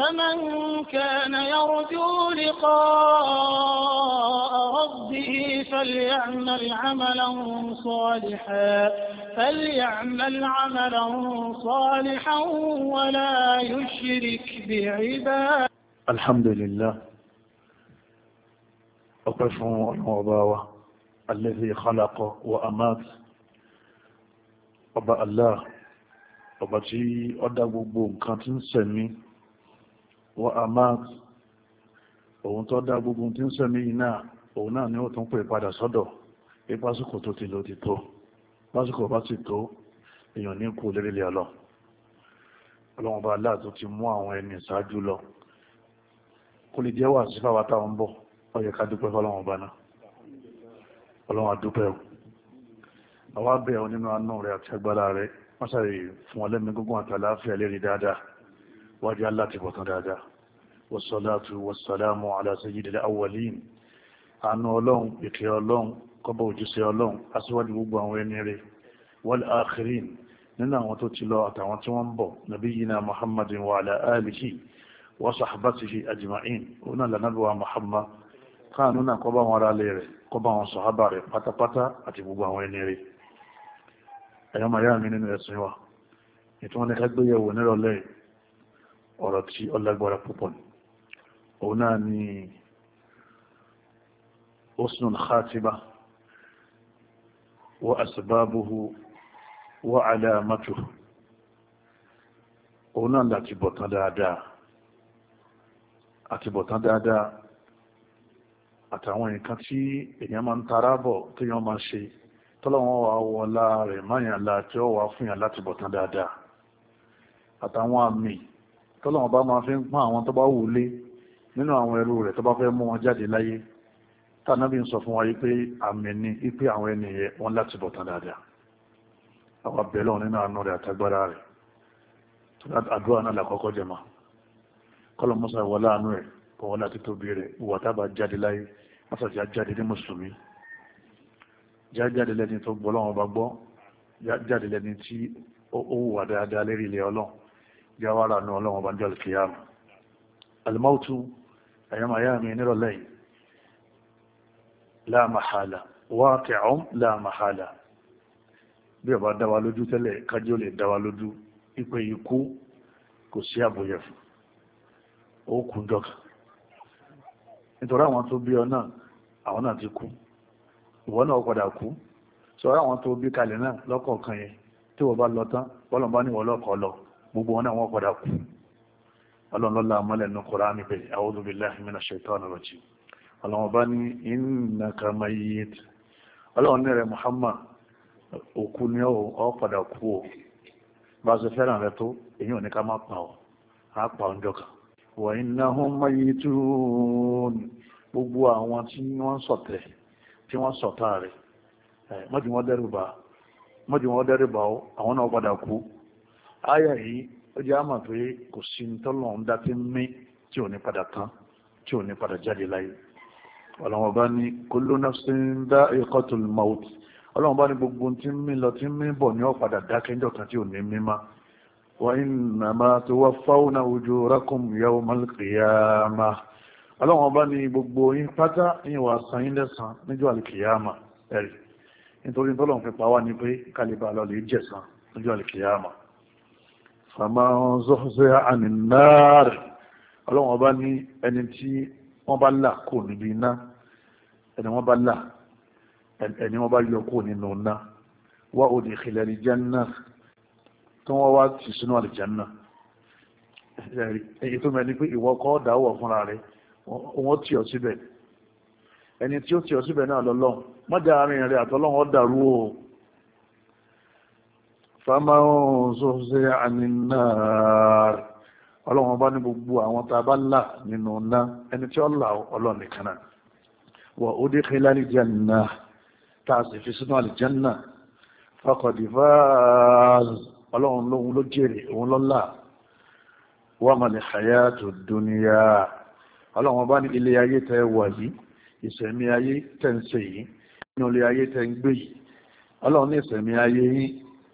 فمن كان يرجو لقاء ربه فليعمل عملا صالحا فليعمل عملا صالحا ولا يشرك بعباده الحمد لله أقف الموضوع الذي خلق وأمات أبا الله أبا جي أدى gbogbo nǹkan wa amat òun tó dá gbogbo tí ń sẹ́mi iná òun náà ni ó tún pè padà sọ́dọ̀ pé pásíkò tó ti lò ti tó pásíkò bá ti tó èèyàn ní kú lérílẹ̀ ọlọ́ ọlọ́run bá aláà tó ti mú àwọn ẹni ṣáájú lọ kó lè jẹ́ wà sí fáwa táwọn ń bọ̀ ó yẹ ká dúpẹ́ fọlọ́run ọba náà ọlọ́run àdúpẹ́ o àwa bẹ̀ ọ nínú àánú rẹ àti agbára rẹ wọ́n sáré fún ọlẹ́mi gbogbo àtàláfíà lérí dáadáa wájú aláàtìbọ̀tán dáadáa wasalatu wasalamu ala sayyidil awwalin àánú ọlọ́run ìkẹ́ ọlọ́run kọ́bọ̀ òjíṣẹ́ ọlọ́run aṣíwájú gbogbo àwọn ẹni rẹ̀ wal akhirin nínú àwọn tó ti lọ àtàwọn tí wọ́n ń bọ̀ nabiyina muhammadin wa ala alihi wa sahbatihi ajma'in ona lanabuwa muhammad káànú náà kọ́bọ̀ àwọn aráalé rẹ̀ kọ́bọ̀ àwọn sọ̀hábà rẹ̀ pátápátá àti gbogbo àwọn ẹni rẹ̀ ẹ̀yọ́ màyá mi nínú ẹ̀sìn wa ètò wọn ni nírọ̀lẹ́ ọ̀rọ̀ tí ọlágbára púpọ̀ ni òun náà ni husnul وأسبابه wa asbabuhu wa alamatuhu òun náà láti bọ̀tán dáadáa àti bọ̀tán dáadáa àtàwọn nǹkan tí èèyàn máa ń tara bọ̀ téèyàn máa ṣe tọ́lọ́wọ́n wa wọlá rẹ̀ máyàn la tí ó wà fún yàn láti bọ̀tán dáadáa àtàwọn àmì tọ́lọ́wọ́n bá máa fi ń pọ́n àwọn tó bá wù lé nínú àwọn ẹrú rẹ̀ tó bá fẹ́ mú wọn jáde láyé tànàbí ń sọ fún wa pé àmì ni ipe àwọn ẹni yẹ wọn láti bọ̀ tán dáadáa àwọn abẹ́lọ́ nínú àánú rẹ̀ àtagbára rẹ̀ àdúrà náà làkọ́kọ́ jẹma kọ́lọ̀ mọ́sá wọlé àánú rẹ̀ kọ́wọ́ láti tóbi rẹ̀ ìwà tábà jáde láyé mọ́sàtí àjáde ní mùsùlùmí jáde lẹ́ni tó gbọ́ lọ́wọ́ bá gbọ́ jáde lẹ́ni tí ó wà dáadáa lérí ilẹ̀ ọlọ́run jáwárà náà ọlọ́run bá ń jọ àlùkìyàmù alimautu ẹ̀yọ́mọ̀ ayá mi nírọ̀lẹ́ yìí láàmàhálà waqi'un láàmàhálà bí ọba dáwà lójú tẹ́lẹ̀ kájí ó lè dáwà lójú ipò ikú kò sí àbòyẹ fún ó kún dọ́kà nítorí àwọn tó bí ọ náà àwọn náà ti kú ìwọ náà padà kú sọ̀rọ̀ àwọn tó bí kalẹ̀ náà lọ́kọ̀ọ̀kan yẹn tí wọ́n bá lọ tán bọ́lọ̀ bá níwọ̀ lọ́kọ̀ọ́ lọ gbogbo wọn náà wọ́n padà kú ọlọ́nlọ́lá àmọ́lẹ̀ ní kùránì bẹ̀rẹ̀ a'udhu billahi minash shaitani rajim bá ní innaka mayyit ọlọ́wọ́n ní rẹ̀ Muhammad òkú ni ọ padà kú o bá ṣe fẹ́ràn rẹ tó èyí ò ní ká má pa ọ á ọ wa innahum mayyitun gbogbo àwọn tí wọ́n sọ̀tẹ̀ tí wọ́n sọ̀tà rẹ̀ mọ́jú wọn dẹ́rù bá ó jẹ́ àmọ̀ pé kò sí tọ́lọ̀ ń dá tí ń mí tí ò ní padà tán tí ò ní padà jáde láyé ọlọ́wọ́n bá ní kullu nafsin dha'iqatul maut ọlọ́wọ́n bá ní gbogbo tí ń mí lọ tí ń mí bọ̀ ní ó padà dákẹ́jọ́ kan tí ò ní mí má wa innama tuwaffawna ujurakum yawmal qiyamah ọlọ́wọ́n bá ní gbogbo yín pátá yín wà san yín lẹ́san níjọ́ àlùkìyàmà ẹ̀rì nítorí tọ́lọ̀ fi pa wá ní pé kálíbà lọ lè jẹ̀san níjọ́ àlùkìyàmà fàmà zọ́fẹ́sẹ́ ànínáàrì ọlọ́wọ́n bá ní ẹni tí wọ́n bá là kò níbi iná ẹni wọ́n bá là ẹni wọ́n bá yọ kò nínú iná wá òdì ìkìlẹ̀ àlìjánná tí wọ́n wá ti sínú àlìjánná èyí tó mẹ́ni pé ìwọ kọ́ dáwọ̀ fúnra rẹ̀ wọ́n tì ọ́ síbẹ̀ ẹni tí ó tì ọ́ síbẹ̀ náà lọ́lọ́run mọ́jà àárín rẹ̀ àtọ́lọ́run ó dàrú o fàmáhùn sọ́sẹ́ ànínáàr ọlọ́run bá ní gbogbo àwọn tá a bá là nínú ná ẹni tí ó là ọlọ́run nìkan náà wà ó dé kílá àlìjánná tá a sì fi sínú àlìjánná fàkọ̀dì fáàz ọlọ́run lóhun ló jèrè òun lọ́lá wà má lè ṣàyà tó dúníyà ọlọ́run bá ní ilé ayé tẹ wà yìí ìṣẹ̀mí ayé tẹ̀ ń ṣe yìí nínú ilé ayé tẹ̀ ń gbé yìí ọlọ́run ní ìṣẹ̀mí ayé yìí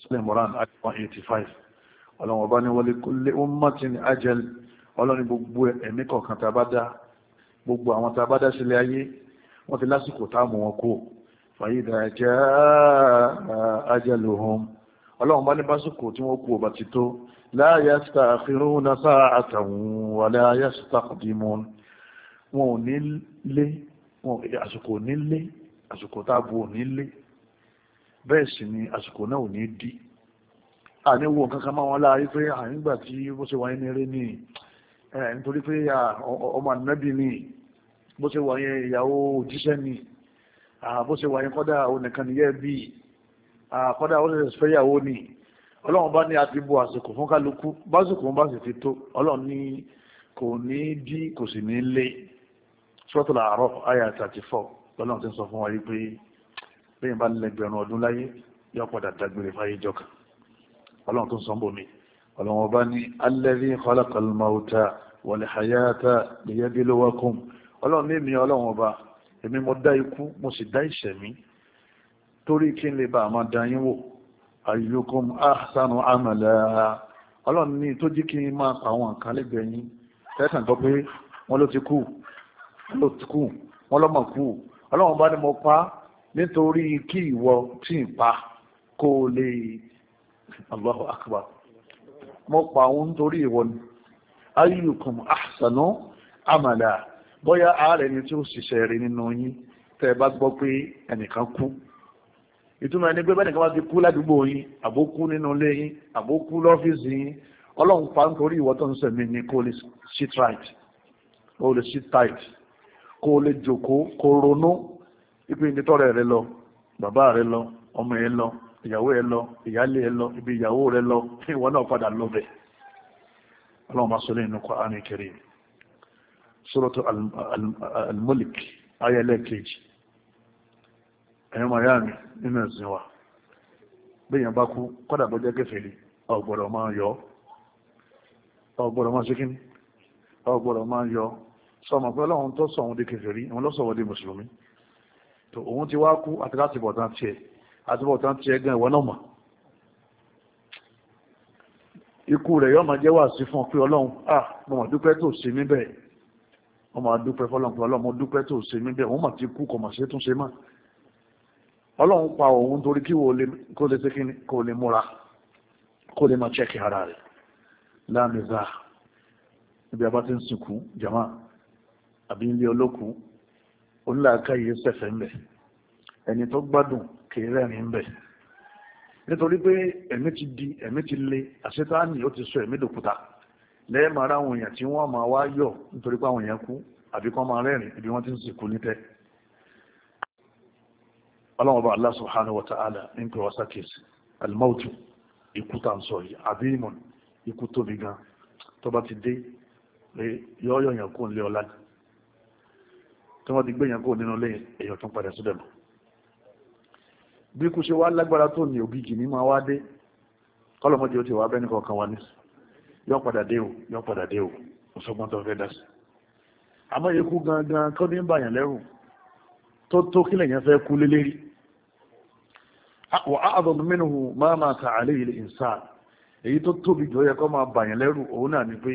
sílẹ̀ moran at one eighty five ọlọ́run ọba ní wọlé kólé ó mọ́tì ní ajẹ́l ọlọ́run gbogbo ẹ̀mí kọ̀ọ̀kan tá a bá dá gbogbo àwọn tá a bá dá sílẹ̀ ayé wọ́n ti lásìkò tá a mú wọn kó fàyídà jẹ́ ajẹ́lò hom ọlọ́run bá ní básìkò tí wọ́n kú ọba ti tó láàyè síta àfihàn náà sáà àtàwọn wà láàyè síta kùdìmọ́ wọn ò ní lé àsìkò ní lé àsìkò tá a bu ò ní lé bẹ́ẹ̀ sì ni àsìkò náà ò ní dí àní wo nǹkan kan máa wọn láàárín pé àyíngbà tí bó ṣe wáyé ní eré ní nítorí pé ọmọ ànábì ní bó ṣe wáyé ìyàwó òjíṣẹ́ ní bó ṣe wáyé kọ́dà onìkan nìyẹ́ bí kọ́dà ó ṣẹ̀ṣẹ̀ fẹ́yàwó ní ọlọ́run bá ní a bo àsìkò fún kálukú básìkò bá sì ti tó ọlọ́run ní kò ní dí kò sì ní lé Suratul A'raf àyà 34 ọlọ́run ti sọ fún wa yìí pé bẹ́yìn bá lẹ́gbẹ̀rún ọdún láyé yọ padà dágbére fáyé jọka ọlọ́run tó ń sọ ń bò mí ọlọ́run ọba ní alladhi khalaqal mauta wal hayata liyabluwakum ọlọ́run ní èmi ọlọ́run ọba èmi mo dá ikú mo sì dá ìṣẹ̀mí torí kí n lè bá àmà dá yín wò ayyukum ọlọ́run ọba ní mo pa nítorí kí ìwọ tí ń pa kó o lè Allahu akbar mo pa òun nítorí ìwọ ni ayyukum ahsanu amala bóyá ààrẹ ni tí ó ṣiṣẹ́ rí nínú yín tẹ́ ẹ bá gbọ́ pé ẹnìkan kú ìtumọ̀ ẹni pé bẹ́ẹ̀ni kan bá ti kú ládùúgbò yín àbókú nínú ilé yín àbókú lọ́fíìsì yín ọlọ́run pa nítorí ìwọ tó ń sẹ̀mí ni kó lè sit right kó lè sit tight kó lè jòkó kó ronú ibi ní tọ́rẹ̀ rẹ lọ bàbá rẹ lọ ọmọ ẹ lọ ìyàwó ẹ lọ ìyálé ẹ lọ ibi ìyàwó rẹ lọ kí ìwọ náà padà lọ bẹ̀ ọlọ́run bá sọ nínú Qur'an Karim Suratu al-Mulk ayẹlẹ́ kejì ẹ̀yọ́ miami nínú ẹ̀sìn wa bẹ́yàn bá kú kọ́dà bọ́ jẹ́ kẹfẹ́lì ọgbọ̀dọ̀ máa yọ ọgbọ̀dọ̀ máa ṣe kíní ọgbọ̀dọ̀ máa yọ sọmọ pé ọlọ́run tó sọ òun di kẹfẹ́lì òun lọ́sọ̀wọ́ di mùsùlùmí tó òun ti wá kú àti láti bọ̀ tán tiẹ̀ àti bọ̀ tán tiẹ̀ gan ìwọ náà mọ̀ ikú rẹ̀ yọ́ máa jẹ́ wà sí fún ọ pé ọlọ́run à mo mà dúpẹ́ tó ṣe mí bẹ́ẹ̀ mo mà dúpẹ́ fọlọ́run pé ọlọ́run mo dúpẹ́ tó ṣe mí bẹ́ẹ̀ òun mà ti kú kò mà ṣe tún ṣe mọ́ ọlọ́run pa òun torí kí kò lè ṣe kíni kò lè múra kò lè máa chẹ́kì ara rẹ̀ láàmì ibi abá ti ń sìnkú jama àbí ilé olókùn onílàáká yìí sẹ̀fẹ̀ ń bẹ̀ ẹni tó gbádùn kì í rẹ́rìn ń bẹ̀ nítorí pé ẹ̀mí ti di ẹ̀mí ti le àṣetáàní ó ti sọ ẹ̀mí dòkúta lẹ́yìn máa ráwọn èèyàn tí wọ́n máa wá yọ̀ nítorí pé àwọn èèyàn kú àbí kọ́ máa rẹ́rìn ibi wọ́n ti ń sìnkú ní tẹ́ ọlọ́run bá Allah subhanahu wa ta'ala ń pè wá sákèsì alimautu ikú tá ń sọ yìí àbí ìmọ̀ ikú tóbi gan tó bá ti dé yọ́ọ̀yọ̀ yẹn kó ń lé ọlá ni tí wọ́n ti gbé yẹn kó nínú ilé èèyàn tún padà sódẹ̀ mọ́ bí kú ṣe wá lágbára tó ní ògìgì ní máa wá dé kọ́lọ̀mọ́dé ó ti wá bẹ́ẹ̀ nìkan kan wá ní yọ padà dé o yọ padà dé o ọ̀ṣọ́gbọ́n tó fẹ́ dá sí àmọ́ ikú gangan kọ́ ní bàyàn lẹ́rù tó tó kílẹ̀ yẹn fẹ́ kú lélẹ́rí wà á àdọ̀dún mẹ́nu máa máa ta àlẹ́ ilẹ̀ ìsàn èyí tó tóbi jọ yẹ kọ́ máa bàyàn lẹ́rù òun náà ni pé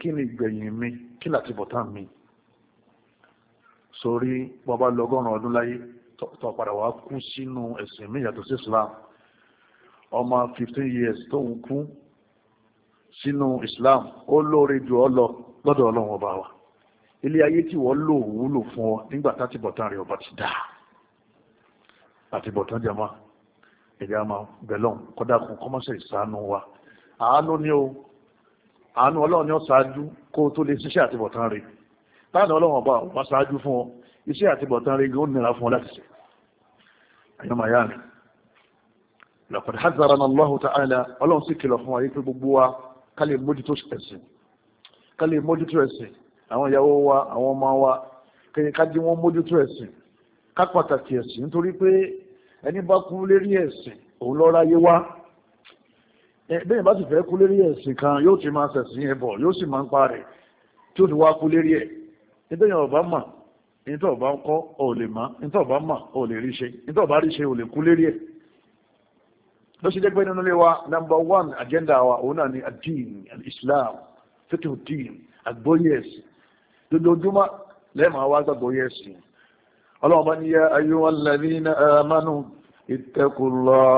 kí ni ìgbẹ̀yìn mi kí láti bọ̀tán mi sórí bọ́bá lọ́gọ́rùn ọdún láyé tó padà wá kú sínú ẹ̀sìn mi yàtọ̀ sí islam ọmọ fifteen years tó ń kú sínú islam ó lóore jù ọ lọ lọ́dọ̀ ọlọ́run ọba wa ilé ayé tí wọ́n lò wúlò fún ọ nígbà táti bọ̀tán rẹ̀ ọba ti dà àti bọ̀tán jama ẹ̀yà máa bẹ̀lọ́n kọ́dà kún kọ́mọ́sẹ̀ ìsànú wa àánú ni ó àánú ọlọ́run ni ó ṣáájú kó tó lè ṣiṣẹ́ àti bọ̀tán rẹ̀ táàdà ọlọ́wọ̀n bá wá sáájú fún ọ iṣẹ́ àti bọ̀tán ó fún láti ṣe àyọ́mà yá mi lọ́pàdé hajjara na lọ́hùn ta'ala ọlọ́run sì kìlọ̀ fún ayé gbogbo wa ká mójútó ẹ̀sìn ká mójútó ẹ̀sìn àwọn ìyàwó wa àwọn ọmọ wa kẹyìn ká wọn mójútó ẹ̀sìn ká pàtàkì ẹ̀sìn nítorí pé ẹni bá kú lérí ẹ̀sìn òun lọ́ra yé wá bẹ́ẹ̀ bá sì fẹ́ kan yóò ti máa yóò sì nítorí ọba mà ọba ń kọ́ ò lè má ọba mà lè rí ṣe ọba rí ṣe ò lè kú lérí ẹ̀ ló ṣe jẹ́ pé nínú ilé wa agenda wa òun náà islam fẹ́tẹ̀ òdin àgbóyè ẹ̀sìn lójoojúmọ́ lẹ́ẹ̀mọ́ wa gbàgbóyè ẹ̀sìn ọlọ́wọ́n bá ní yá amanu ittaqullah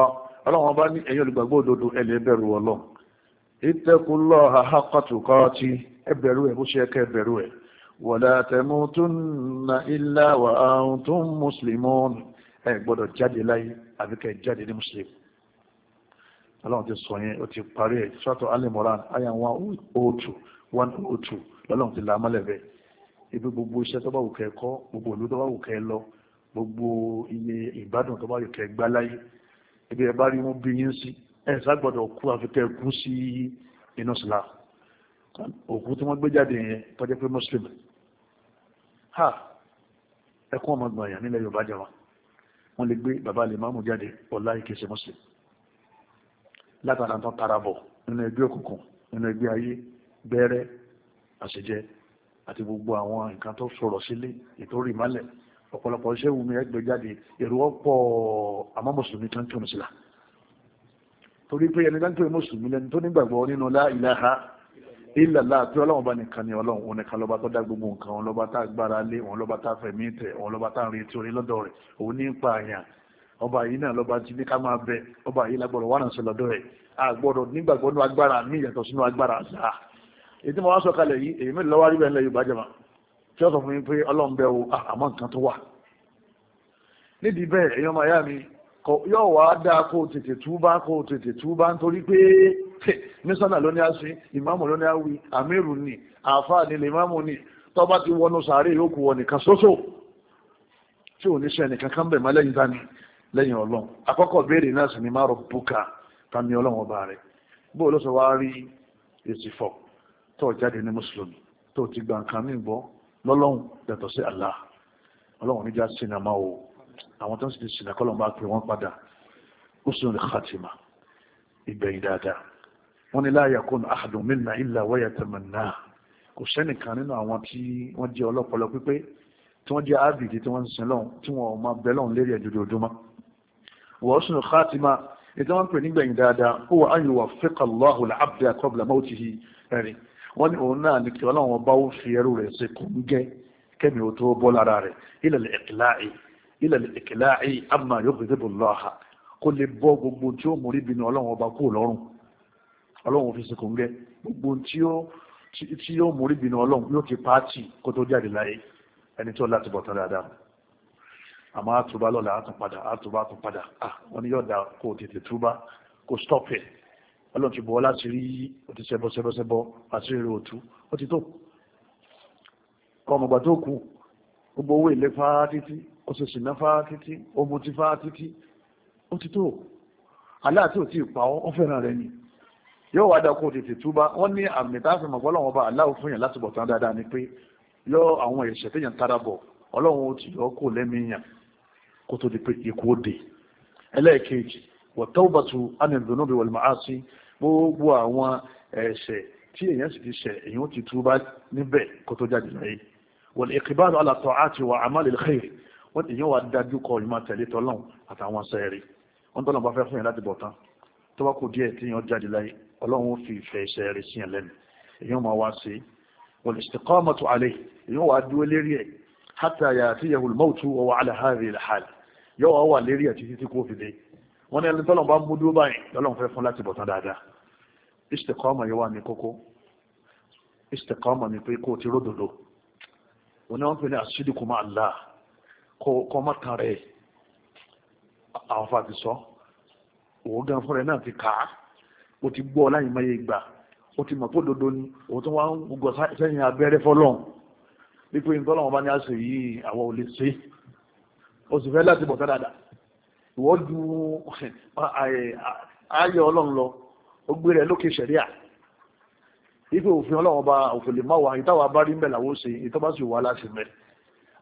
ọlọ́wọ́n bá ní ẹ̀yin olùgbàgbọ́ òdodo ẹ̀lẹ́ ọlọ́ ولا تموتن إلا وأنتم مسلمون ẹ gbọ́dọ̀ jáde láyé àbí kẹ́ jáde ní mùsùlùmí ọlọ́run ti sọ yẹn ó ti parí ẹ̀ sọ́tọ̀ alimoran aya one oh two one oh two lọ́lọ́run ti la amálẹ̀bẹ̀ ibi gbogbo iṣẹ́ tó bá wù kẹ́ kọ́ gbogbo ìlú tó bá wù kẹ́ lọ gbogbo iye ìgbádùn tó bá wù kẹ́ gbá láyé ibi ẹ̀ bá rí wọn bí yín sí ẹ̀ ságbọ́dọ̀ kú àfi kẹ́ kú sí inú sílá òkú tí wọ́n gbé jáde yẹn tọ́jú pé mùsùlùmí ha ẹkún ọmọ gbọ̀n èèyàn nílẹ̀ yorùbá jẹwa wọ́n lè gbé bàbá lè máàmù jáde ọ̀la ìkẹsẹ̀ mọ́sẹ̀ látara tán tarabọ̀ nínú ẹgbẹ́ òkùnkùn nínú ẹgbẹ́ ayé gbẹ́rẹ́ àṣejẹ àti gbogbo àwọn nǹkan tó sọ̀rọ̀ sílé ìtòrí ìmálẹ̀ ọ̀pọ̀lọpọ̀ iṣẹ́ wù mí ẹgbẹ́ jáde èrò ọ̀pọ̀ àmọ́ mùsùlùmí kan kírun sílá torí pé ẹni dáńtò mùsùlùmí lẹni tó nígbàgbọ́ nínú la ìlàlá àti ọlọ́run bá nìkan ni ọlọ́run òun nìkan lọ́ba tó dá gbogbo nǹkan òun lọ́ba tá agbára lé òun lọ́ba tá fẹ̀mí tẹ̀ òun lọ́ba tá retí orí lọ́dọ̀ rẹ̀ òun ní pa àyàn ọba yìí náà lọ́ba ti ní ká máa bẹ ọba yìí lágbọ́dọ̀ wà náà sí lọ́dọ̀ rẹ̀ àgbọ́dọ̀ nígbàgbọ́ nú agbára mi yàtọ̀ sínú agbára àṣà ètò mo wá sọ kalẹ̀ yìí èyí mélòó yóò wá dáa kó tètè túbá kó tètè túbá nítorí pé mísánà ló ní á sí ìmáàmù ló ní á wí àmírù ni àáfàá ni lè máàmù ni tọ́ba ti wọnú sàárè yóò kú wọ nìkan ṣoṣo tí ò ní sẹ́ni kankan bẹ̀ mọ́ lẹ́yìn dání lẹ́yìn ọlọ́run àkọ́kọ́ béèrè náà sì ni má rọ bùkà tani ọlọ́run ọba rẹ̀ bó o ló sọ wáá rí èsì fọ tó o jáde ní mùsùlùmí tó o ti gba nǹkan mí gbọ́ lọ́lọ́run yàtọ̀ sí Allah ọlọ́run níjà sinamá o àwọn tó ń sì sinà kọ́lọ̀ bá pè wọ́n padà husnul khatima ìgbẹ̀yìn dáadáa wọ́n ní la yakun ahadun minna illa wa yatamanna kò sẹ́nìkan nínú àwọn tí wọ́n jẹ́ ọlọ́pọlọ pípé tí wọ́n jẹ́ ábìdì tí wọ́n ń sin lọ́hùn tí wọ́n máa bẹ lọ́hùn lérí ẹ̀dùdù ojúmọ́ wa husnul khatima ètò wọn pè nígbẹ̀yìn dáadáa wọ́n ní òun náà ní kẹ́mi ò tó bọ́ lára rẹ̀ ilal iqla'i ilẹ̀ ìkìlá ẹ̀yìn àmà yóò fi débò lọ́ha kó lè bọ́ gbogbo tí ó mú rí bínú ọlọ́run ọba kó lọ́rùn ọlọ́run fi sìnkú ńgẹ́ gbogbo tí ó mú rí bínú ọlọ́run yóò ti pààtì kó tó jáde láyé ẹni tó láti bọ̀ tán dáadáa àmọ́ àtúbá lọ́la àtúnpadà àtúbá àtúnpadà wọ́n ní yọ̀dà kó tètè túbá kó stop ẹ̀ ọlọ́run ti bọ̀ láti rí ó ti ṣẹbọ ṣẹbọ ṣẹbọ àti rírò òtú ó ti tó kọ́ ọmọgbà tó kù gbogbo owó ìlépa títí ó ṣe ṣìnà fá títí ó mu ti fá títí ó ti tó aláàtí ò tí ì pa ọ́ ó fẹ́ràn rẹ ni yóò wá dákó tètè túbá wọ́n ní àmì tá a fi mọ̀ pé ọlọ́run ọba aláwọ̀ fún yàn láti bọ̀ tán dáadáa ni pé yọ àwọn ẹ̀ṣẹ̀ téèyàn tára bọ̀ ọlọ́run ó ti yọ kó lẹ́mìíyàn kó tó di pé ikú ó dé ẹlẹ́ẹ̀kejì wọ̀tọ́wọ́bàtú anìdùnnúbi wọ̀lùmọ́ásí gbogbo àwọn ẹ̀ṣẹ̀ tí èèyàn sì ti ṣẹ̀ èèyàn ó ti túbá níbẹ̀ kó tó jáde láyé wọ̀lẹ̀ ìkìbáàlù alàtọ̀ àti wà àmàlẹ̀ lẹ́yìn wọ́n ti yẹn wà dájú kọ ìmọ̀ tẹ̀lé tọ́lọ́n àtàwọn sẹ́ẹ̀rì wọ́n tọ́lọ́n bá fẹ́ fún yẹn láti bọ̀ tán tó bá kù díẹ̀ tí yẹn jáde láyé ọlọ́run ó fi ìfẹ́ sẹ́ẹ̀rì sí yẹn lẹ́nu èyàn máa wá sí wal istiqamatu alayhi èyàn wà dúró lérí ẹ̀ hatta ya'tiyahu al-mawtu wa huwa ala hadhihi al-hal yóò wà lérí ẹ̀ títí tí kò fi dé wọ́n ní ẹni tọ́lọ̀ ni pé Allah kọ́ má kan rẹ̀ àwọn afa ti sọ òun gan fúnra náà ti kà á ó ti gbọ́ láyìn máa yẹ gbà ó ti mọ̀ pé òdodo ni òun tó wá ń gbọ́ sẹ́yìn abẹ́rẹ́ fọlọ́n wípé nǹkan ọlọ́run bá ní àṣẹ yìí àwọn ò lè ṣe ó sì fẹ́ láti bọ̀ sá dáadáa ìwọ́ ju ayọ̀ ọlọ́run lọ ó gbé rẹ̀ lókè ṣẹ̀ríà wípé òfin ọlọ́run bá òfin lè má wà ìtawà bá rí ń làwọn ó ṣe ìtọ́ bá sì wà láṣẹ mẹ́rin.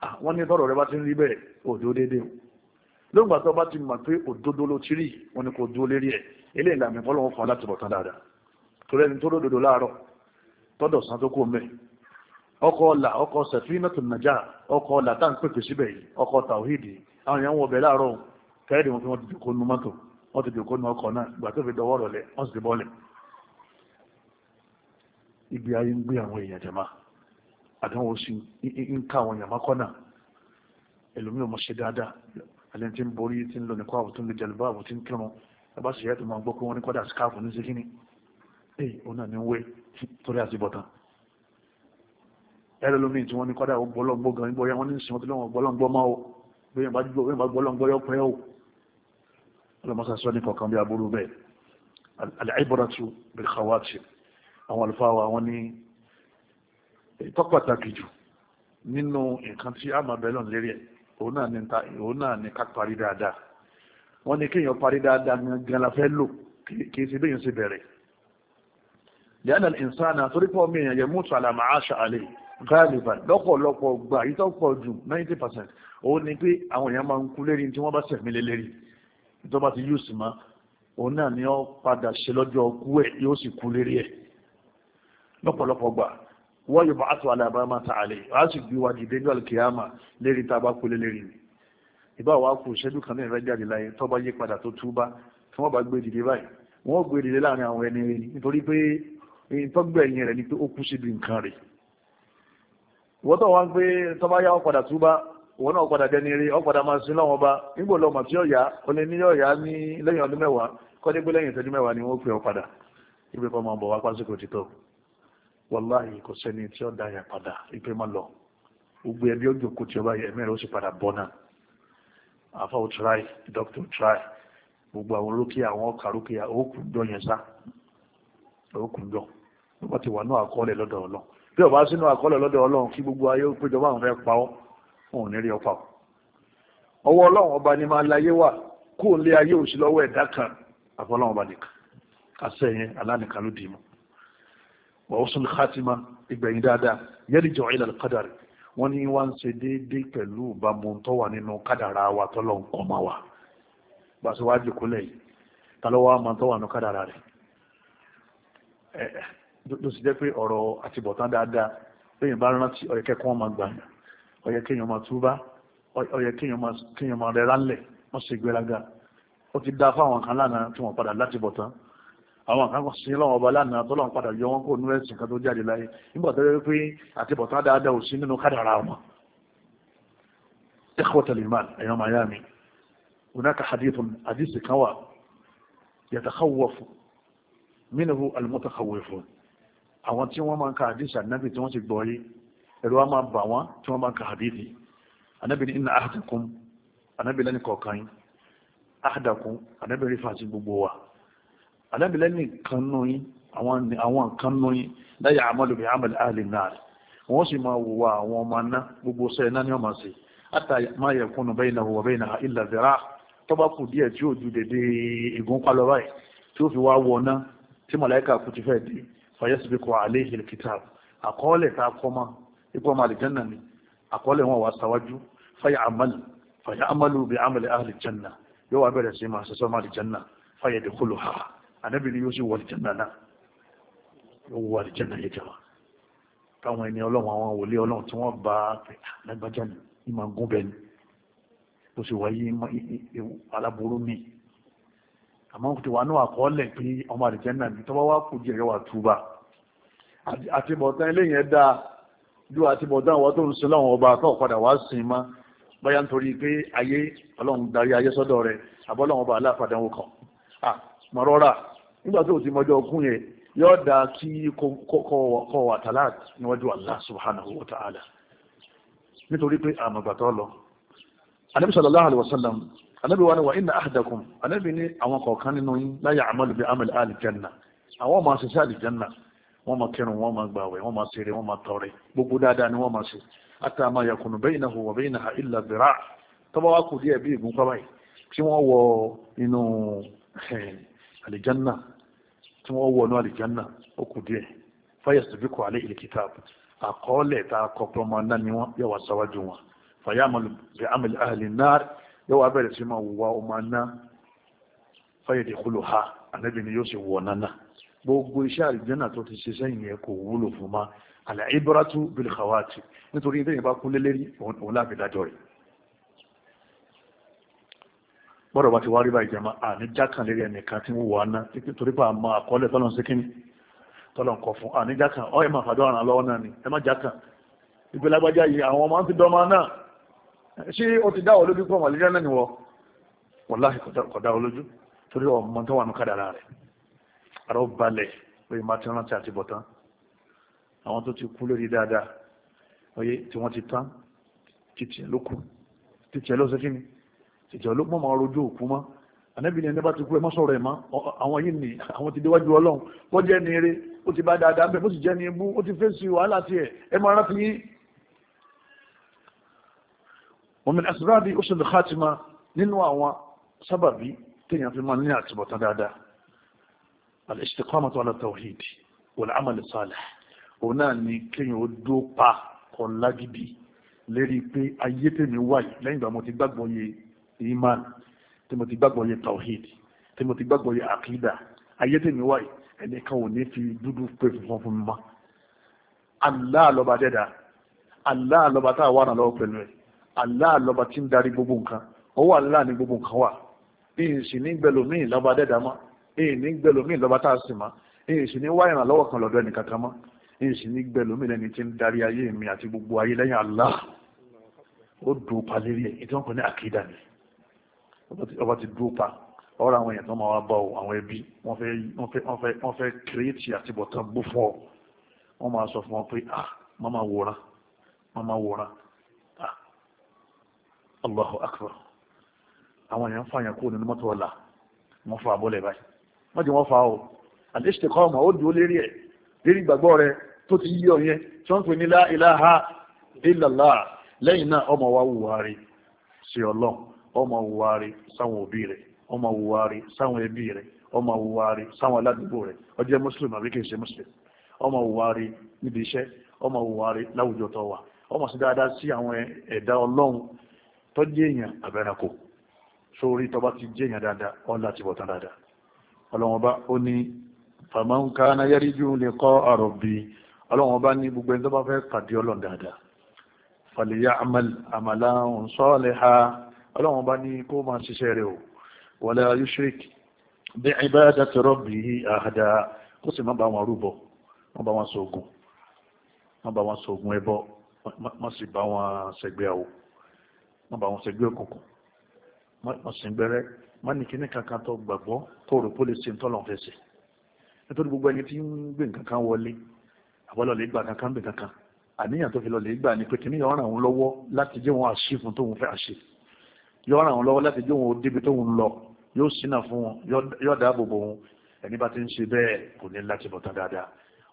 Ah, wọ́n ní tọ́rọ̀ rẹ bá ti ń rí bẹ́ẹ̀ òdo déédéé lóògbà tó bá ti mọ̀ pé òdodo ló ti rí wọn ni kò dúró lérí ẹ̀ eléyìí làmì fọlọ́wọ́n fún aláti bọ̀tán dáadáa torí ẹni tó lódodo láàárọ̀ tọ́dọ̀ san tó mẹ́ ọkọ̀ ọ̀là ọkọ̀ safinatu nàjà ọkọ̀ ọ̀là tá à ń pèpè síbẹ̀ yìí ọkọ̀ àwọn èèyàn wọ̀ àdánwò sí ń ká àwọn èèyàn mákọ́nà ẹlòmíràn mọ̀ ṣe dáadáa ẹni tí ń borí tí ń lọ nìkọ́ àbò tó ń lè jẹ̀lú bá àbò tí ń kírun ẹbá sì yẹ́ tó máa gbọ́ pé wọ́n ní kọ́dà skáàfù ní síkíní èyí òun náà ní wé torí àti bọ̀tán ẹ̀rọ lómi tí wọ́n ní kọ́dà gbọ́lọ́gbọ́ gan gbọ́ yẹn wọ́n ní sìn wọ́n tó lọ́wọ́ gbọ́lọ́gbọ́ máa o bí yẹn bá gbọ́lọ́gbọ́ yọ pẹ́ o ọlọ́mọsá sọ ní kọ̀ọ̀kan bí aburú bẹ́ẹ̀ al-ibratu bil-khawatim àwọn àlùfáà wa wọ́n ní tó pàtàkì jù nínú nǹkan tí a máa bẹ̀rẹ̀ lérí ẹ̀ òun náà ni ká parí dáadáa wọ́n ní kéèyàn parí dáadáa gan la fẹ́ lò kì í ṣe béèyàn ṣe bẹ̀rẹ̀ lẹ́yìn ìsáná torí pọ̀ mí èèyàn yẹ mú sàlà máa ṣà àlè gáàlìbà lọ́pọ̀lọpọ̀ gbà yìí tó pọ̀ jù ninety percent òun ni pé àwọn èèyàn máa ń kú lérí tí wọ́n bá sẹ̀mí lé lérí tó bá ti yóò sì má òun náà ni ó padà ṣe lọ́jọ́ ọkú ẹ̀ yóò sì kú lérí ẹ̀ lọ́pọ̀lọpọ̀ gbà wọ́n yóò bá aṣọ alábá máa ta àlè a sì gbé wa dìde ní alkiyama lérí tá a bá kú lélẹ́rì ni ìbá wa kù ṣẹ́jú kan náà jáde láyé tó bá yí padà tó túbá tí wọ́n bá gbé dìde báyìí wọ́n gbé dìde láàrin àwọn ẹni rẹ̀ nítorí pé ìtọ́gbẹ̀yìn rẹ̀ ni pé ó kú síbi nǹkan rẹ̀ wọ́n tó wá pé tó bá yá ọ padà túbá wọn náà padà dẹni rí ọ padà máa sin lọ́wọ́ bá nígbò lọ́mọ tí ọ̀yá ó lè ní ọ̀yá wàláhì kò sẹ́ni tí ó dáyà padà ipe má lọ gbogbo ẹbí ọjọ́ kò tí ó bá yẹ mẹ́rin ó sì padà bọ́ náà àfa ò tíráì dókítà ò tíráì gbogbo àwọn olókìá àwọn ọkà olókìá òkú jọ yẹn sá òkú jọ ló bá ti wà náà àkọọ́lẹ̀ lọ́dọ̀ ọlọ́ bí ọba sínú àkọọ́lẹ̀ lọ́dọ̀ ọlọ́run kí gbogbo ayé péjọ bá àwọn fẹ́ pa ọ́ òun ní rí ọ ọwọ́ ọlọ́run ọba ni máa láyé wà kó ń lé ayé òsì lọ́wọ́ ẹ̀dá kan àfọlọ́run ọba nìkan àṣẹ yẹn alánìkan ló dì í mọ́ wà ó sún khatima ìgbẹ̀yìn dáadáa yẹ́nì jọ ilẹ̀ kádàrí wọ́n ní wá ń ṣe déédéé pẹ̀lú ìbámu tó wà nínú kádàrá wa tọ́lọ̀ ń kọ́ ma wa bá a ṣe wáá jòkó lẹ́yìn ta ló wá máa tó wà nínú kádàrá rẹ̀ ló sì jẹ́ pé ọ̀rọ̀ àtibọ̀tán dáadáa lẹ́yìn bá rántí ó yẹ kẹ́kọ̀ọ́ máa gbà yàn ó kéèyàn máa túbá ó kéèyàn máa rẹ̀ wọ́n ṣe gbéraga ó ti dá fáwọn kan lánàá tí wọ́n padà láti bọ̀tán àwọn kan kò sí lọ́wọ́ ọba lánàá tó lọ́wọ́ padà yọ wọn kó nú ẹ̀sìn kan tó jáde láyé nígbà tó yẹ pé àtibọ̀tán dáadáa ò sí nínú kádàrá wọn. ikhwata al-iman ẹ̀yọ́ miami hunaka hadithun hadith kan wà yatakhawwafu minhu al-mutakhawwifun àwọn tí wọ́n máa ń ka hadith ànábì tí wọ́n ti gbọ́ yìí ẹ̀rọ máa bà wọ́n tí wọ́n máa ń ka hadith ànábì ní inna ahadakum ànábì lẹ́nu kọ̀ọ̀kan yìí ahadakum rí fàásì anábìlẹ̀ nìkan nù yín àwọn kan nù yín láyà àmàlù bí àmàlù àlè náà wọ́n sì máa wò wá àwọn ọmọ náà gbogbo sẹ́yìn náà ni wọ́n máa ṣe àtà máa yẹ kúnnù bẹ́ẹ̀ náà wọ̀ bẹ́ẹ̀ náà ilà zẹ́rà tó bá kù díẹ̀ tí ó ju dèdè ìgúnpá lọ báyìí tí ó fi wá wọ náà tí màláìka kù ti fẹ́ di fayasbiqu alayhi alkitab àkọọ́lẹ̀ tá a kọ́ mọ́ ipò ọmọ àlìjánná ni àkọọ́lẹ̀ wọn wà sáwájú fàyà àmàlù fàyà àmàlù bí àmàlù àlìjánná yóò wá bẹ̀rẹ̀ sí máa ṣiṣẹ́ ànábì ni yóò sì wọ ìjànà náà yóò wọ ìjànà yẹn jẹwa táwọn ẹni ọlọ́run àwọn wòlé ọlọ́run tí wọ́n bá lágbájá ní ìmọ̀ gún bẹ́ẹ̀ ni tó sì wáyé aláboró mi àmọ́ ti wà náà àkọọ́lẹ̀ pé ọmọ àdìjẹ́nà ní tọ́wọ́ wá kù díẹ̀ wà túbà àtibọ̀tán eléyìn ẹ̀dá ju àtibọ̀tán àwọn tó ń sin láwọn ọba akọ́ padà wá sin má báyà nítorí pé ayé ọlọ́run darí ayé sọ́dọ̀ rẹ̀ àbọ́lọ́run ọba aláfàdánwò kan mọ̀rọ́rà nígbà tó ti mọjọ́ ogún yẹn yóò da kí kọ́ wà talat níwájú Allah subhanahu wa ta'ala nítorí pé àmàgbàtọ́ lọ anabi sallallahu alaihi wasallam anabi wa ni wa inna ahdakum anabi ni àwọn kọ̀ọ̀kan nínú yín la ya'malu bi amali ahli janna àwọn máa ṣiṣẹ́ àlìjanna wọ́n máa kírun wọ́n máa gbàwẹ̀ wọ́n máa ṣeré wọ́n máa tọrẹ gbogbo dáadáa ni wọ́n máa ṣe hatta ma yakunu baynahu wa baynaha illa dhira' tọ́ba wa kù díẹ̀ bí ìgúnpá báyìí tí wọ́n wọ inú àlìjánà tí wọ́n wọnú àlìjánà ó kù díẹ̀ fayasbiqu alayhi alkitab àkọọ́lẹ̀ tá a kọ́ pé ọmọ náà ni wọ́n yóò wá sáwájú wọn fayamalu bi amali ahli nar yóò wá bẹ̀rẹ̀ sí máa wá ọmọ náà fayadkhuluha ànábì ni yóò ṣe wọ̀ nánà gbogbo iṣẹ́ àlìjánà tó ti ṣe sẹ́yìn yẹn kò wúlò fún ma àlàyé bọ́rátú bil nítorí ìdẹ́yìn bá kú lélẹ́rí òun láàbì dájọ́ rẹ̀ bọ́dọ̀ bá ti wá rí bá ìjàmá àní jákàn lérí ẹnìkan tí ń wò áná torí pé àmọ́ àkọọ́lẹ̀ tọ́lọ̀ sí kíní tọ́lọ̀ ń kọ fún àní jákàn ọ́ ẹ̀ máa fàdó àrùn lọ́wọ́ náà ni ẹ má jákàn ìgbé lágbájá yìí àwọn ọmọ ti dọ́mọ náà ṣé o ti dá ọ lójú pọ̀ màlẹ́jà náà nìwọ wàláhì kò dá ọ lójú torí ọmọ tó wà ní kádàrà rẹ̀ àrò balẹ̀ pé má ti rántí àti bọ̀tán àwọn tó ti kú lórí dáadáa oyè tí wọ́n ti tán títí ló kù títí ẹ ló ṣe ìjọ ló mọ́ máa rojú òkú mọ́ ànábì ni ẹni bá ti kú ẹ mọ́ sọ̀rọ̀ ẹ̀ mọ́ àwọn yìí ni àwọn ti déwájú ọlọ́run bó jẹ́ ni eré ó ti bá dáadáa bẹ́ẹ̀ bó sì jẹ́ ni ibú ó ti fèsì wàhálà tiẹ̀ ẹ máa rántí yín. wa min asbabi husnil khatima nínú àwọn sábàbí téèyàn fi máa ní àtìbọ̀tán dáadáa al-istiqamatu ala tawhid wal-amal salih òun náà ni kéèyàn ó dó pa ọ̀lágídí lérí pé ayé tèmi wáyé lẹ́yìn ìgbà mo ti gbàgbọ́ yìí iman tí mo ti gbàgbọ́ yẹ tawhid tí mo ti gbàgbọ́ yẹ àkídà ayé tèmi wáyé ẹnìkan ò ní fi dúdú pé fún fún mọ́ Allah lọ́ba dẹ́dà Allah lọ́ba tá a wà náà lọ́wọ́ pẹ̀lú ẹ̀ Allah lọ́ba tí ń darí gbogbo nǹkan ọwọ́ Allah ní gbogbo nǹkan wà ìyìn sì ní gbẹlòmíì lọ́ba dẹ́dà mọ́ ìyìn ní gbẹlòmíì lọ́ba tá a sì mọ́ ìyìn sì ní wá ìrànlọ́wọ́ kan lọ́dọ̀ ẹnìkankan mọ́ ìyìn sì ní gbẹlòmíì lẹ́ni tí ń darí ayé mi àti gbogbo ayé lẹ́yìn Allah ó dùn palérí ẹ̀ àkídà ni ọba ti dúró pa ọ̀rọ̀ àwọn èèyàn tó máa wá bá ọ àwọn ẹbí wọ́n fẹ́ kírètì àtibọ̀tán bú fún ọ wọ́n máa sọ fún ọ pé ah mama wòran mama wòran ah Allahu Akbar àwọn èèyàn fààyàn kúrò nínú mọ́tò ọ̀la wọ́n fa àbọ̀lẹ̀ báyìí wọ́n jẹ́ wọ́n fa ọ àdéṣe kọ́ ọmọ ó dúró lérí ẹ̀ lérí ìgbàgbọ́ rẹ tó ti yí ọ yẹn tí wọ́n ń pè ní la ilaha lẹ́yìn náà ọmọ wa wù wá rí sí ọlọ́run ọmọ wùwárí sáwọn òbí rẹ̀ ọmọ wùwárí sáwọn ẹbí rẹ̀ ọmọ wùwárí sáwọn aládùúgbò rẹ̀ ó jẹ́ muslim àbí kìí ṣe muslim ọmọ wùwárí níbi iṣẹ́ ọmọ wùwárí láwùjọ tó wà ọmọ sí dáadáa sí àwọn ẹ̀dá ọlọ́run tó jẹ́ èèyàn àbẹ̀rẹ̀kò sórí tó bá ti jẹ́ èèyàn dáadáa ọ̀n láti bọ̀ tán dáadáa ọlọ́wọ́n bá ó ní faman kana yarju liqa'a rabbi ọlọ́wọ́n bá ní gbogbo ẹni tó bá fẹ́ pàdé ọlọ́run dáadáa falyamal amalan salihan ọlọ́run bá ní kó máa ṣiṣẹ́ rẹ̀ o wala yushrik bi ibadati rabbihi ahada kó sì má bá wọn rúbọ má bá wọn sọ̀gùn má bá wọn sọ̀gùn ẹbọ má sì bá wọn ṣẹgbẹ́ àwò má bá wọn ṣẹgbẹ́ òkùnkùn má sì ń gbẹ́rẹ́ má ní kíní kankan tó gbàgbọ́ tó rò pólí sí tọ́lọ̀ fẹsẹ̀ nítorí gbogbo ẹni tí ń gbé nǹkan wọlé àbọ̀lọ́lẹ̀ gbà kankan gbé kankan àníyàn tó fi lọ lè gbà ní pé kíní ọ̀ràn òun lọ́wọ́ láti jẹ́ wọn àṣìfún tóun fẹ́ àṣìfún yóò ràn wọn lọ́wọ́ láti jó wọn débi tó ń lọ yóò ṣínà fún wọn yóò dáàbò bò wọn ẹni bá ti ń ṣe bẹ́ẹ̀ kò ní láti bọ̀ tán dáadáa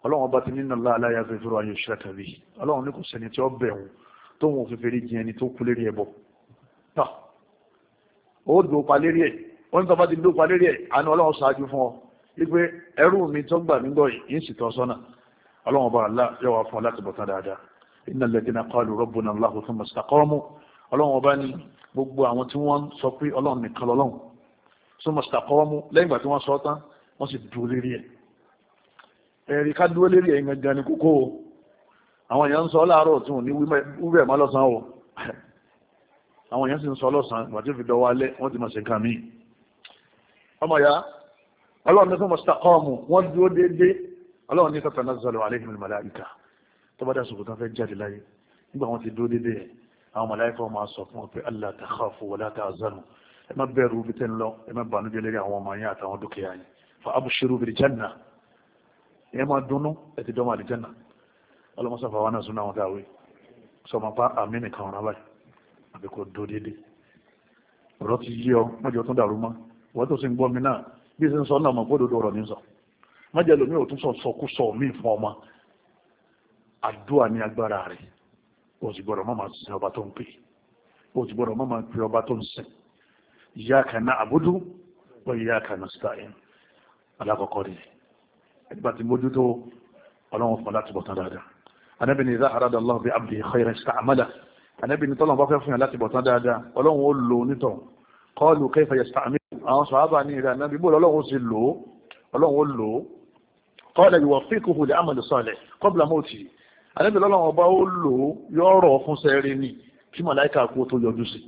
ọlọ́run ọba ti nínú láàlá ya fẹ́ fẹ́rọ ayé ṣíra tàbí ọlọ́run ní kò sẹ́ni tí ó bẹ̀ wọn tó wọn fi fèrè jìn ẹni tó kú lérí ẹbọ tà ó dùn pa lérí ẹ ó ní tọ́ba ti dùn pa lérí ẹ àná ọlọ́run ṣáájú fún ọ wípé ẹrú mi tó gbà mí gbọ́ yìí ń sì tọ́ sọ́nà ọlọ́run ọba gbogbo àwọn tí wọ́n sọ pé ọlọ́run nìkan lọ́lọ́run tó mọ̀ sàkọ́wọ́ mú lẹ́yìn ìgbà tí wọ́n sọ tán wọ́n sì dúró lérí ẹ̀ ẹ̀rí ká dúró lérí ẹ̀ gangan ni kókó o àwọn èèyàn ń sọ láàárọ̀ tí wọ́n ní wúbẹ̀ mọ́ lọ́sàn-án o àwọn èèyàn sì ń sọ lọ́sàn-án ìgbà tí fi dọwọ́ alẹ́ wọ́n ti mọ̀ sí nǹkan míì ọmọ ya ọlọ́run ní tó mọ̀ sàkọ́wọ́ mú wọ́n dúró déédéé ọlọ́run ní tó tẹ̀lé àwọn màláíkà máa sọ fún wọn pé allah ta khafu wala tahzanu ẹ má bẹ̀rù bí tẹ́ ń lọ ẹ má bànújẹ́ lérí àwọn ọmọ yẹn àtàwọn dúkìá yẹn fa abushiru bil janna ẹ má dunnú ẹ ti dọ́mọ àlìjánà ọlọ́mọsáfà wa náà sún náà wọn dáwé sọmọ pa àmì nìkan ọ̀rọ̀ báyìí àbí kò dó déédéé ọ̀rọ̀ ti yí ọ mọ́jọ tún dàrú mọ́ wọ́n tó sì ń gbọ́ mi náà bí ṣe ń sọ náà mọ̀ o sì gbọ́dọ̀ má máa sin ọba tó ń pè o sì gbọ́dọ̀ má máa pè ọba tó ń sìn iyyaka na'budu wa iyyaka nasta'in alákọ̀ọ́kọ́ rẹ̀ ẹgbà tí mójú tó ọlọ́run fún láti bọ̀tán dáadáa anábì ní záhàrá dàlọ́ bí abdi khayran ista'mala anábì ní tọ́lọ̀ bá fẹ́ fún yà láti bọ̀tán dáadáa ọlọ́run ó lò nítọ̀ qalu kayfa yasta'mil àwọn sọ̀hábà àlẹ́bí lọ́lọ́wọ́ ọba ó lò ó yọ̀rọ̀ fún ni kí màláìka kú tó yọjú sí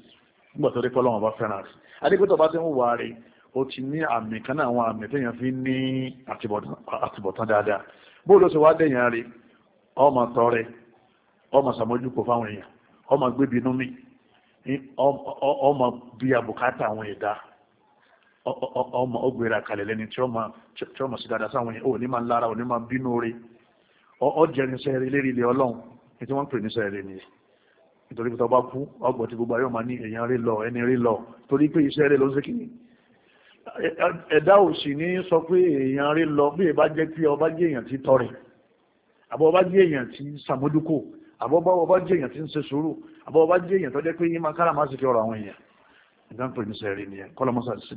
nígbà rí ọba fẹ́ràn rẹ̀ adégbètò ọba tí ń wà rẹ̀ ó ti ní àmì kan náà àwọn àmì tó yàn fi ní àtìbọ̀tán dáadáa bó ló ṣe wá dẹ̀yàn rẹ̀ ọmọ tọrẹ ọmọ sàmójúkò fáwọn èèyàn ọmọ gbébi inú mi ọmọ bí abùkátà àwọn ẹ̀dá ọmọ àkàlẹ̀ lẹ́ni tí ọmọ dáadáa sáwọn èèyàn ò ní máa ń lára ò ní máa bínú ọjẹ́ ní sẹ́ẹ̀rẹ̀ lérí ilẹ̀ ọlọ́run ní tí wọ́n ń pè ní sẹ́ẹ̀rẹ̀ ni nítorí pé tọba kú ọgbọ̀n tí gbogbo ayọ́ máa ní èèyàn rí lọ ẹni rí lọ torí pé iṣẹ́ rẹ̀ ló ń ṣe kìíní ẹ̀dá ò sì ní sọ pé èèyàn rí lọ bí ìbá jẹ́ pé ọba jẹ́ èèyàn ti tọrẹ àbọ̀ ọba jẹ́ èèyàn ti sàmójúkò àbọ̀ ọba jẹ́ èèyàn ti ń ṣe sùúrù àbọ̀ ọba jẹ́ èèyàn tó jẹ́ pé yín máa kára máa sì fi ọ̀rọ̀ àwọn èèyàn nǹkan pè ní sẹ́rí nìyẹn kọ́lọ́mọ́sá ti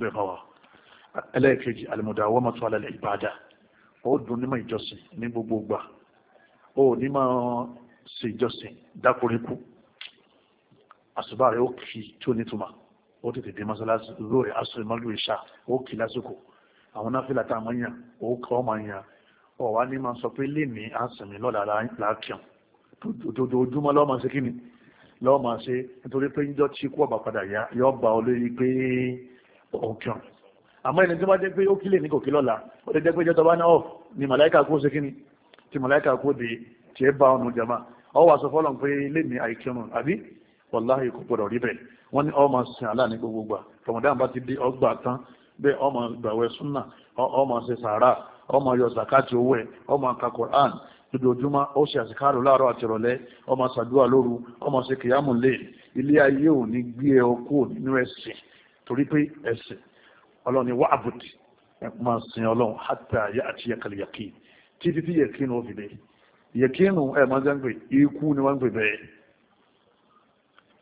ẹlẹ́ẹ̀kejì àlùmọ̀dà wọ́n máa tún alẹ́ ìbàdà ó dùn nímọ̀ ìjọsìn ní gbogbo gbà ó ní máa ṣèjọsìn dákúríkú àṣùbà rẹ̀ ó kì í tó nítumọ̀ ó tètè dé mọ́sálásí lórí asùn ìmọ́lú ìṣà ó kì í lásìkò àwọn náfìlà tá a máa yàn ó kọ́ ọ́ máa yàn ọ̀ wá ní máa sọ pé lémi àsìnmi lọ́la láàkìọ̀n ojoojúmọ́ lọ́ọ́ máa ṣe kí ni lọ́ọ́ máa ṣe nítorí pé níjọ́ tí kú ọ̀bà padà yá yọ́ ba ọ lórí pé òkìọ̀n àmọ́ ẹni tí wọ́n jẹ́ pé ó kí lè ní kò kí lọ́la ó lè jẹ́ pé ìjọba náà ní màláìka kó ṣe kí ni tí mọ̀láìkà kó de tí ẹ bá ọ̀nà jama ọ wà sọ fọlọ́n pé ilé ní àìkírun àbí wàláhì kò gbọdọ̀ rí bẹ́ẹ̀ wọ́n ní ọmọ sin ní gbogbo gbà tọmọdé bá ti di ọgbà tán bẹ́ẹ̀ ọmọ gbàwẹ̀ súnà ọmọ ṣe sàárà ọmọ yọ zakati owó ẹ ọmọ ó ṣe láàárọ̀ àti ìrọ̀lẹ́ ọmọ lóru ọmọ ṣe kìyàmù lè ilé ayé ò ní gbé ẹ nínú torí pé máa sin ọlọ́run hàtà àti títí tí yẹ̀kínú ó fi dé yẹ̀kínú ẹ̀ máa ń pè ikú ni wọ́n ń pè bẹ́ẹ̀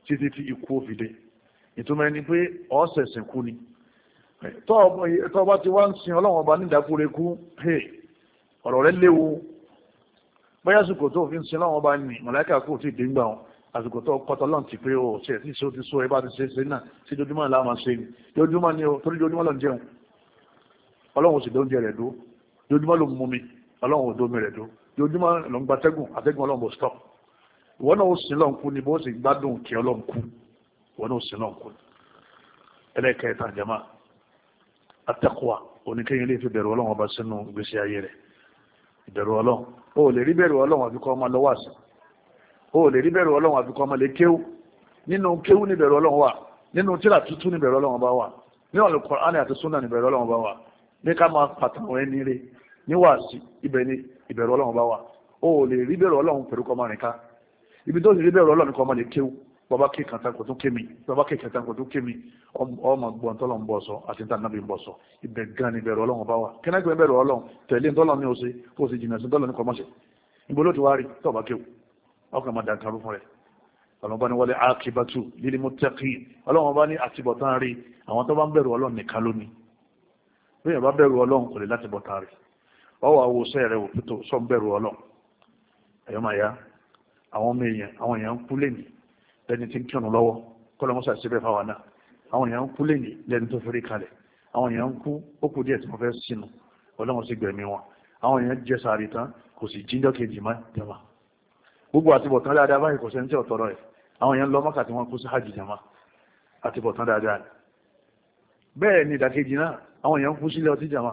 títí tí ikú ó fi dé ìtumọ̀ ẹni pé ọ̀sẹ̀sìn kú ni tọ́ ọba ti wá ń sin ọlọ́run ọba nídàkúrekú ọ̀rọ̀ rẹ léwu bóyá àsìkò tó fi ń sin ọlọ́run ọba ní mọ̀láìkà kò tí ì dé ń gbà wọn àsìkò tó kọ́tọ̀ lọ́n ti pé o ṣe ti so ti so ẹ bá ti ṣe ṣe náà sí dojúmọ́ làá máa ṣe ni dojúmọ́ ni o torí dojúmọ́ lọ́n jẹun ọlọ́run sì dóúnjẹ rẹ̀ dúró dojúmọ́ ló mú mi ọlọ́run òdo mi rẹ̀ tó yójúmọ́ ló ń gba atẹ́gùn atẹ́gùn ọlọ́run bò stop ìwọ náà ó sin lọ́n kú ni bó sì gbádùn kí ọlọ́run kú ìwọ náà ó sin lọ́n kú ẹlẹ́kẹ̀ẹ́ta jama atẹ́kùwa oníkéyìn lè fi bẹ̀rù ọlọ́run ọba sínú ìgbésí ayé rẹ̀ ìbẹ̀rù ọlọ́run ó lè rí bẹ̀rù ọlọ́run àfikọ́ ọmọ lọ́wọ́ àṣà ó lè rí bẹ̀rù ọlọ́run àfikọ́ ọmọ lè kéwú nínú kéwú ní bẹ̀rù ọlọ́run wà nínú tíra tuntun ní bẹ̀rù ọlọ́run bá wà nínú Al-Qur'ani àti súnà ní bẹ̀rù ọlọ́run bá wà ní ká máa pàtàkùn ẹni rẹ̀ níwàásí ibẹ̀ ni ìbẹ̀rù ọlọ́run bá wà o ò lè rí bẹ̀rù ọlọ́run pẹ̀lú kọ́mọ nìkan ibi tó sì rí bẹ̀rù ọlọ́run kọ́mọ lè kéwu bàbá kí kàtà kò tún kémi bàbá kí kàtà kò tún kémi ọmọ gbọ́n tọ́lọ̀ ń bọ̀ sọ àti níta nàbí ń bọ̀ sọ ibẹ̀ gan ni bẹ̀rù ọlọ́run bá wà kẹ́nẹ́gbẹ́ bẹ̀rù ọlọ́run tẹ̀lé ntọ́lọ́ ní ose kó o sì jìnnà sí ntọ́lọ́ ní kọ́mọ́sí níbo ló ti wá rí tọ́ba kéwu ọkàn máa dàn karú fún rẹ̀ ọlọ́run bá ní wọlé akibatu lílí mú tẹ́kì ọlọ́run bá ní àtibọ̀tán rí àwọn tó bá ń bẹ̀rù ọlọ́run nìkan lónìí ọwọ́ àwo sẹ́rẹ̀ wò tó sọ́bẹ̀rù ọlọ́ ẹ̀yọ́ máa ya àwọn ọmọ èèyàn àwọn èèyàn ń kú lẹ́nì lẹ́ni tí ń kírun lọ́wọ́ kọ́lọ́ mọ́sà síbẹ̀ fáwọn náà àwọn èèyàn ń kú lẹ́nì lẹ́ni tó fẹ́rí kalẹ̀ àwọn èèyàn ń kú ó kù díẹ̀ tí wọ́n fẹ́ sínú ọlọ́run sì gbẹ̀mí wọn àwọn èèyàn jẹ sàárì tán kò sì jíjọ́ kejì má jẹma gbogbo àtibọ̀tán dáadáa báyìí kò sẹ́ni tí ọ̀tọ̀rọ̀ àwọn èèyàn lọ mọ́kà tí wọ́n kú sí hajj jẹma àtibọ̀tán dáadáa bẹ́ẹ̀ ni ìdàkejì náà àwọn èèyàn kú sílẹ̀ ọtí jẹma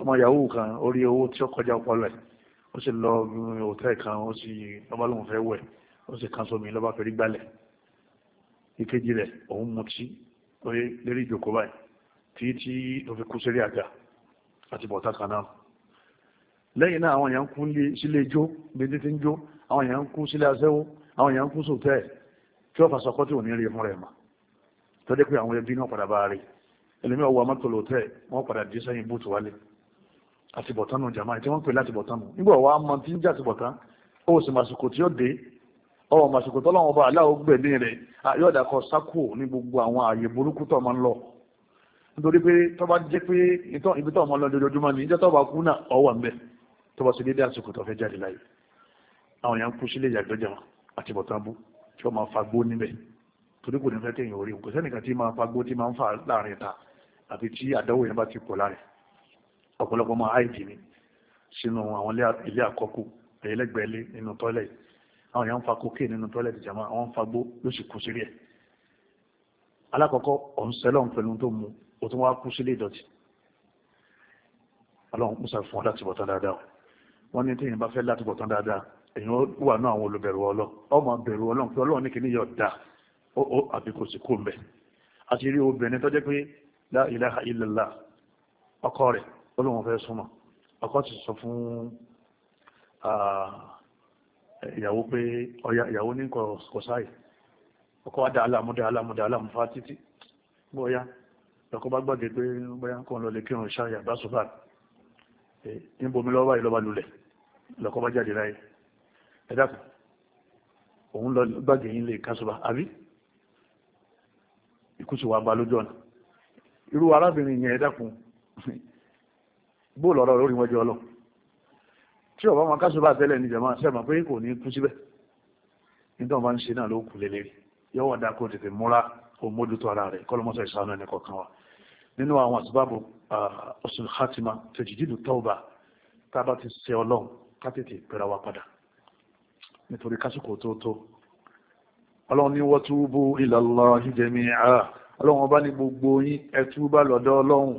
ọmọ yahoo kan orí owó tí ó kọjá ọpọlọ ẹ̀ ó sì lọ òtẹ́ kan ó sì lọ́ba lóun fẹ́ wẹ̀ ó sì kan sómi lọ́ba fẹ́rí gbálẹ̀ ìkejì rẹ̀ òun mutí lérí ìjókòó báyìí tí tí ó fi kú sórí àga àti bọ̀tá kan náà lẹ́yìn náà àwọn èèyàn kú sílé ijó bí títí ń jó àwọn èèyàn kú sílé aṣẹ́wó àwọn èèyàn kú sòtẹ́ tí ó fà sọkọ́ tí rí fún rẹ̀ mà tó pé àwọn ẹbí náà padà bá rí ẹlẹ́mìí ọwọ́ amátòlótẹ́ wọ́n padà dé sẹ́yìn búùtù wálé àtibọ̀tánu jàmá tí wọ́n pè láti nígbà wa mọ tí ń jà àtibọ̀tán ó sì màsìkò tí ó dé ọwọ́ màsìkò tọ́lọ́wọ́n bá aláwọ̀ gbẹ̀mí rẹ̀ yọ̀dà kọ sákò ní gbogbo àwọn ààyè burúkú tó máa ń lọ nítorí pé tó bá jẹ́ pé ibi tó máa ń lọ lójoojúmọ́ ni ìjọ́ tó bá kú náà ọwọ́ ńbẹ tó bá sì dédé àsìkò tó fẹ́ jáde láyé àwọn èèyàn kú sílé ìyàgbẹ́ jàmá àtibọ̀tán bú tí wọ́n máa fagbó níbẹ̀ torí kò ní fẹ́ kéèyàn orí kò sẹ́nìkan tí máa fagbó tí máa ń fà láàrin ta àti tí àdáwò yẹn bá ti pọ̀ láàrin ọ̀pọ̀lọpọ̀ máa háìjì ni sínú àwọn ilé àkọ́kù ẹ̀yẹlẹ́gbẹ̀ẹ́lé nínú tọ́lẹ̀tì àwọn èèyàn ń fa kókè nínú tọ́lẹ̀tì jama àwọn ń fa gbó ló sì kú sílé ẹ̀ alákọ̀ọ́kọ́ ọ̀hún sẹ́lọ̀ pẹ̀lú tó mu ó tún wá kú sílé ìdọ̀tí ọlọ́run kúsà fún ọ láti bọ̀tán dáadáa wọ́n ní téèyàn bá fẹ́ láti bọ̀tán dáadáa èèyàn wà náà àwọn olùbẹ̀rù ọlọ́ ọmọ bẹ̀rù ọlọ́run pé ọlọ́run ní kí yọ̀ da ó àbí kò sí kó ń àti rí obìnrin tó jẹ́ pé la ilaha illallah ọkọ rẹ̀ ó lóun fẹ́ súnmọ́ ọkọ sì sọ fún ìyàwó pé ọya ìyàwó ní kò sáì ọkọ wá dá aláàmú dá aláàmú dá aláàmú fá títí bóyá lọ́kọ bá gbàgbé pé bóyá kò ń lọ lè kírun ṣáà yàgbá sùfà níbomi lọ́wọ́ báyìí lọ́ba lulẹ̀ lọ́kọ bá jáde láyé ẹ òun lọ gbàgbé yín lè kásùbà àbí ikú sì wà bá lójú ọ̀nà irú arábìnrin yẹn ẹ bó lọ́rọ̀ lórí wọn jọ ọlọ tí ọba ọmọ kásùbà tẹ́lẹ̀ ní jẹ̀mọ́ sẹ́mọ̀ pé kò ní kú síbẹ̀ nítorí wọn bá ń ṣe náà ló kù lélẹ̀ yọwọ́ dá kó tètè múra kó mójútó ara rẹ̀ kọ́lọ́mọ́sọ ìsànú ẹni kọ̀ọ̀kan wa nínú àwọn àsìbábò ọ̀sùn khatima tòjìdìdù tọ́ọ̀bà tá a bá ti ṣe ọlọ́run ká tètè pẹ̀rẹ̀ wa padà nítorí kásìkò tó tó ọlọ́run ní watubu ilallahi jami'a ọlọ́run ọba ní gbogbo yín ẹ túbà lọ́dọ̀ ọlọ́run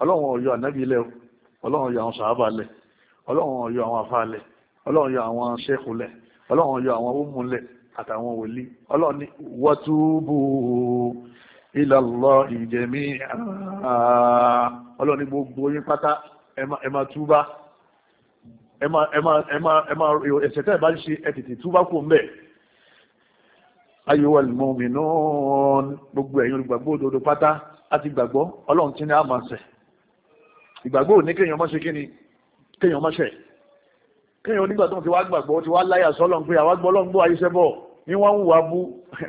ọlọ́run ọ̀yọ́ ànábì ọlọ́run yọ àwọn sàábà lẹ̀ ọlọ́run yọ àwọn afá lẹ̀ ọlọ́run yọ àwọn ṣẹ́kù lẹ̀ ọlọ́run yọ àwọn ọmú lẹ̀ àtàwọn wòlí ọlọ́run ní wọ́túbù ilallahi jami'a ọlọ́run ní gbogbo yín pátá ẹ máa túbá ẹ máa ẹ máa ẹ máa ẹ máa ẹ̀ṣẹ̀ tẹ́ ẹ bá ṣe ẹ tètè túbá kò mbẹ́ ayyuhal mu'minun gbogbo ẹ̀yin olùgbàgbọ́ òdodo pátá àti gbàgbọ́ ọlọ́run tí ní àmàṣẹ̀ ìgbàgbọ́ ò ní kéèyàn mọ́ṣe kí ni kéèyàn mọ́ṣẹ̀ kéèyàn onígbà tó ń ti wá gbàgbọ́ ti wá láyà sọ́lọ́ ń pé àwa gbọ́ ọlọ́run gbọ́ àyíṣẹ́ bọ̀ ní wọ́n ń wà bú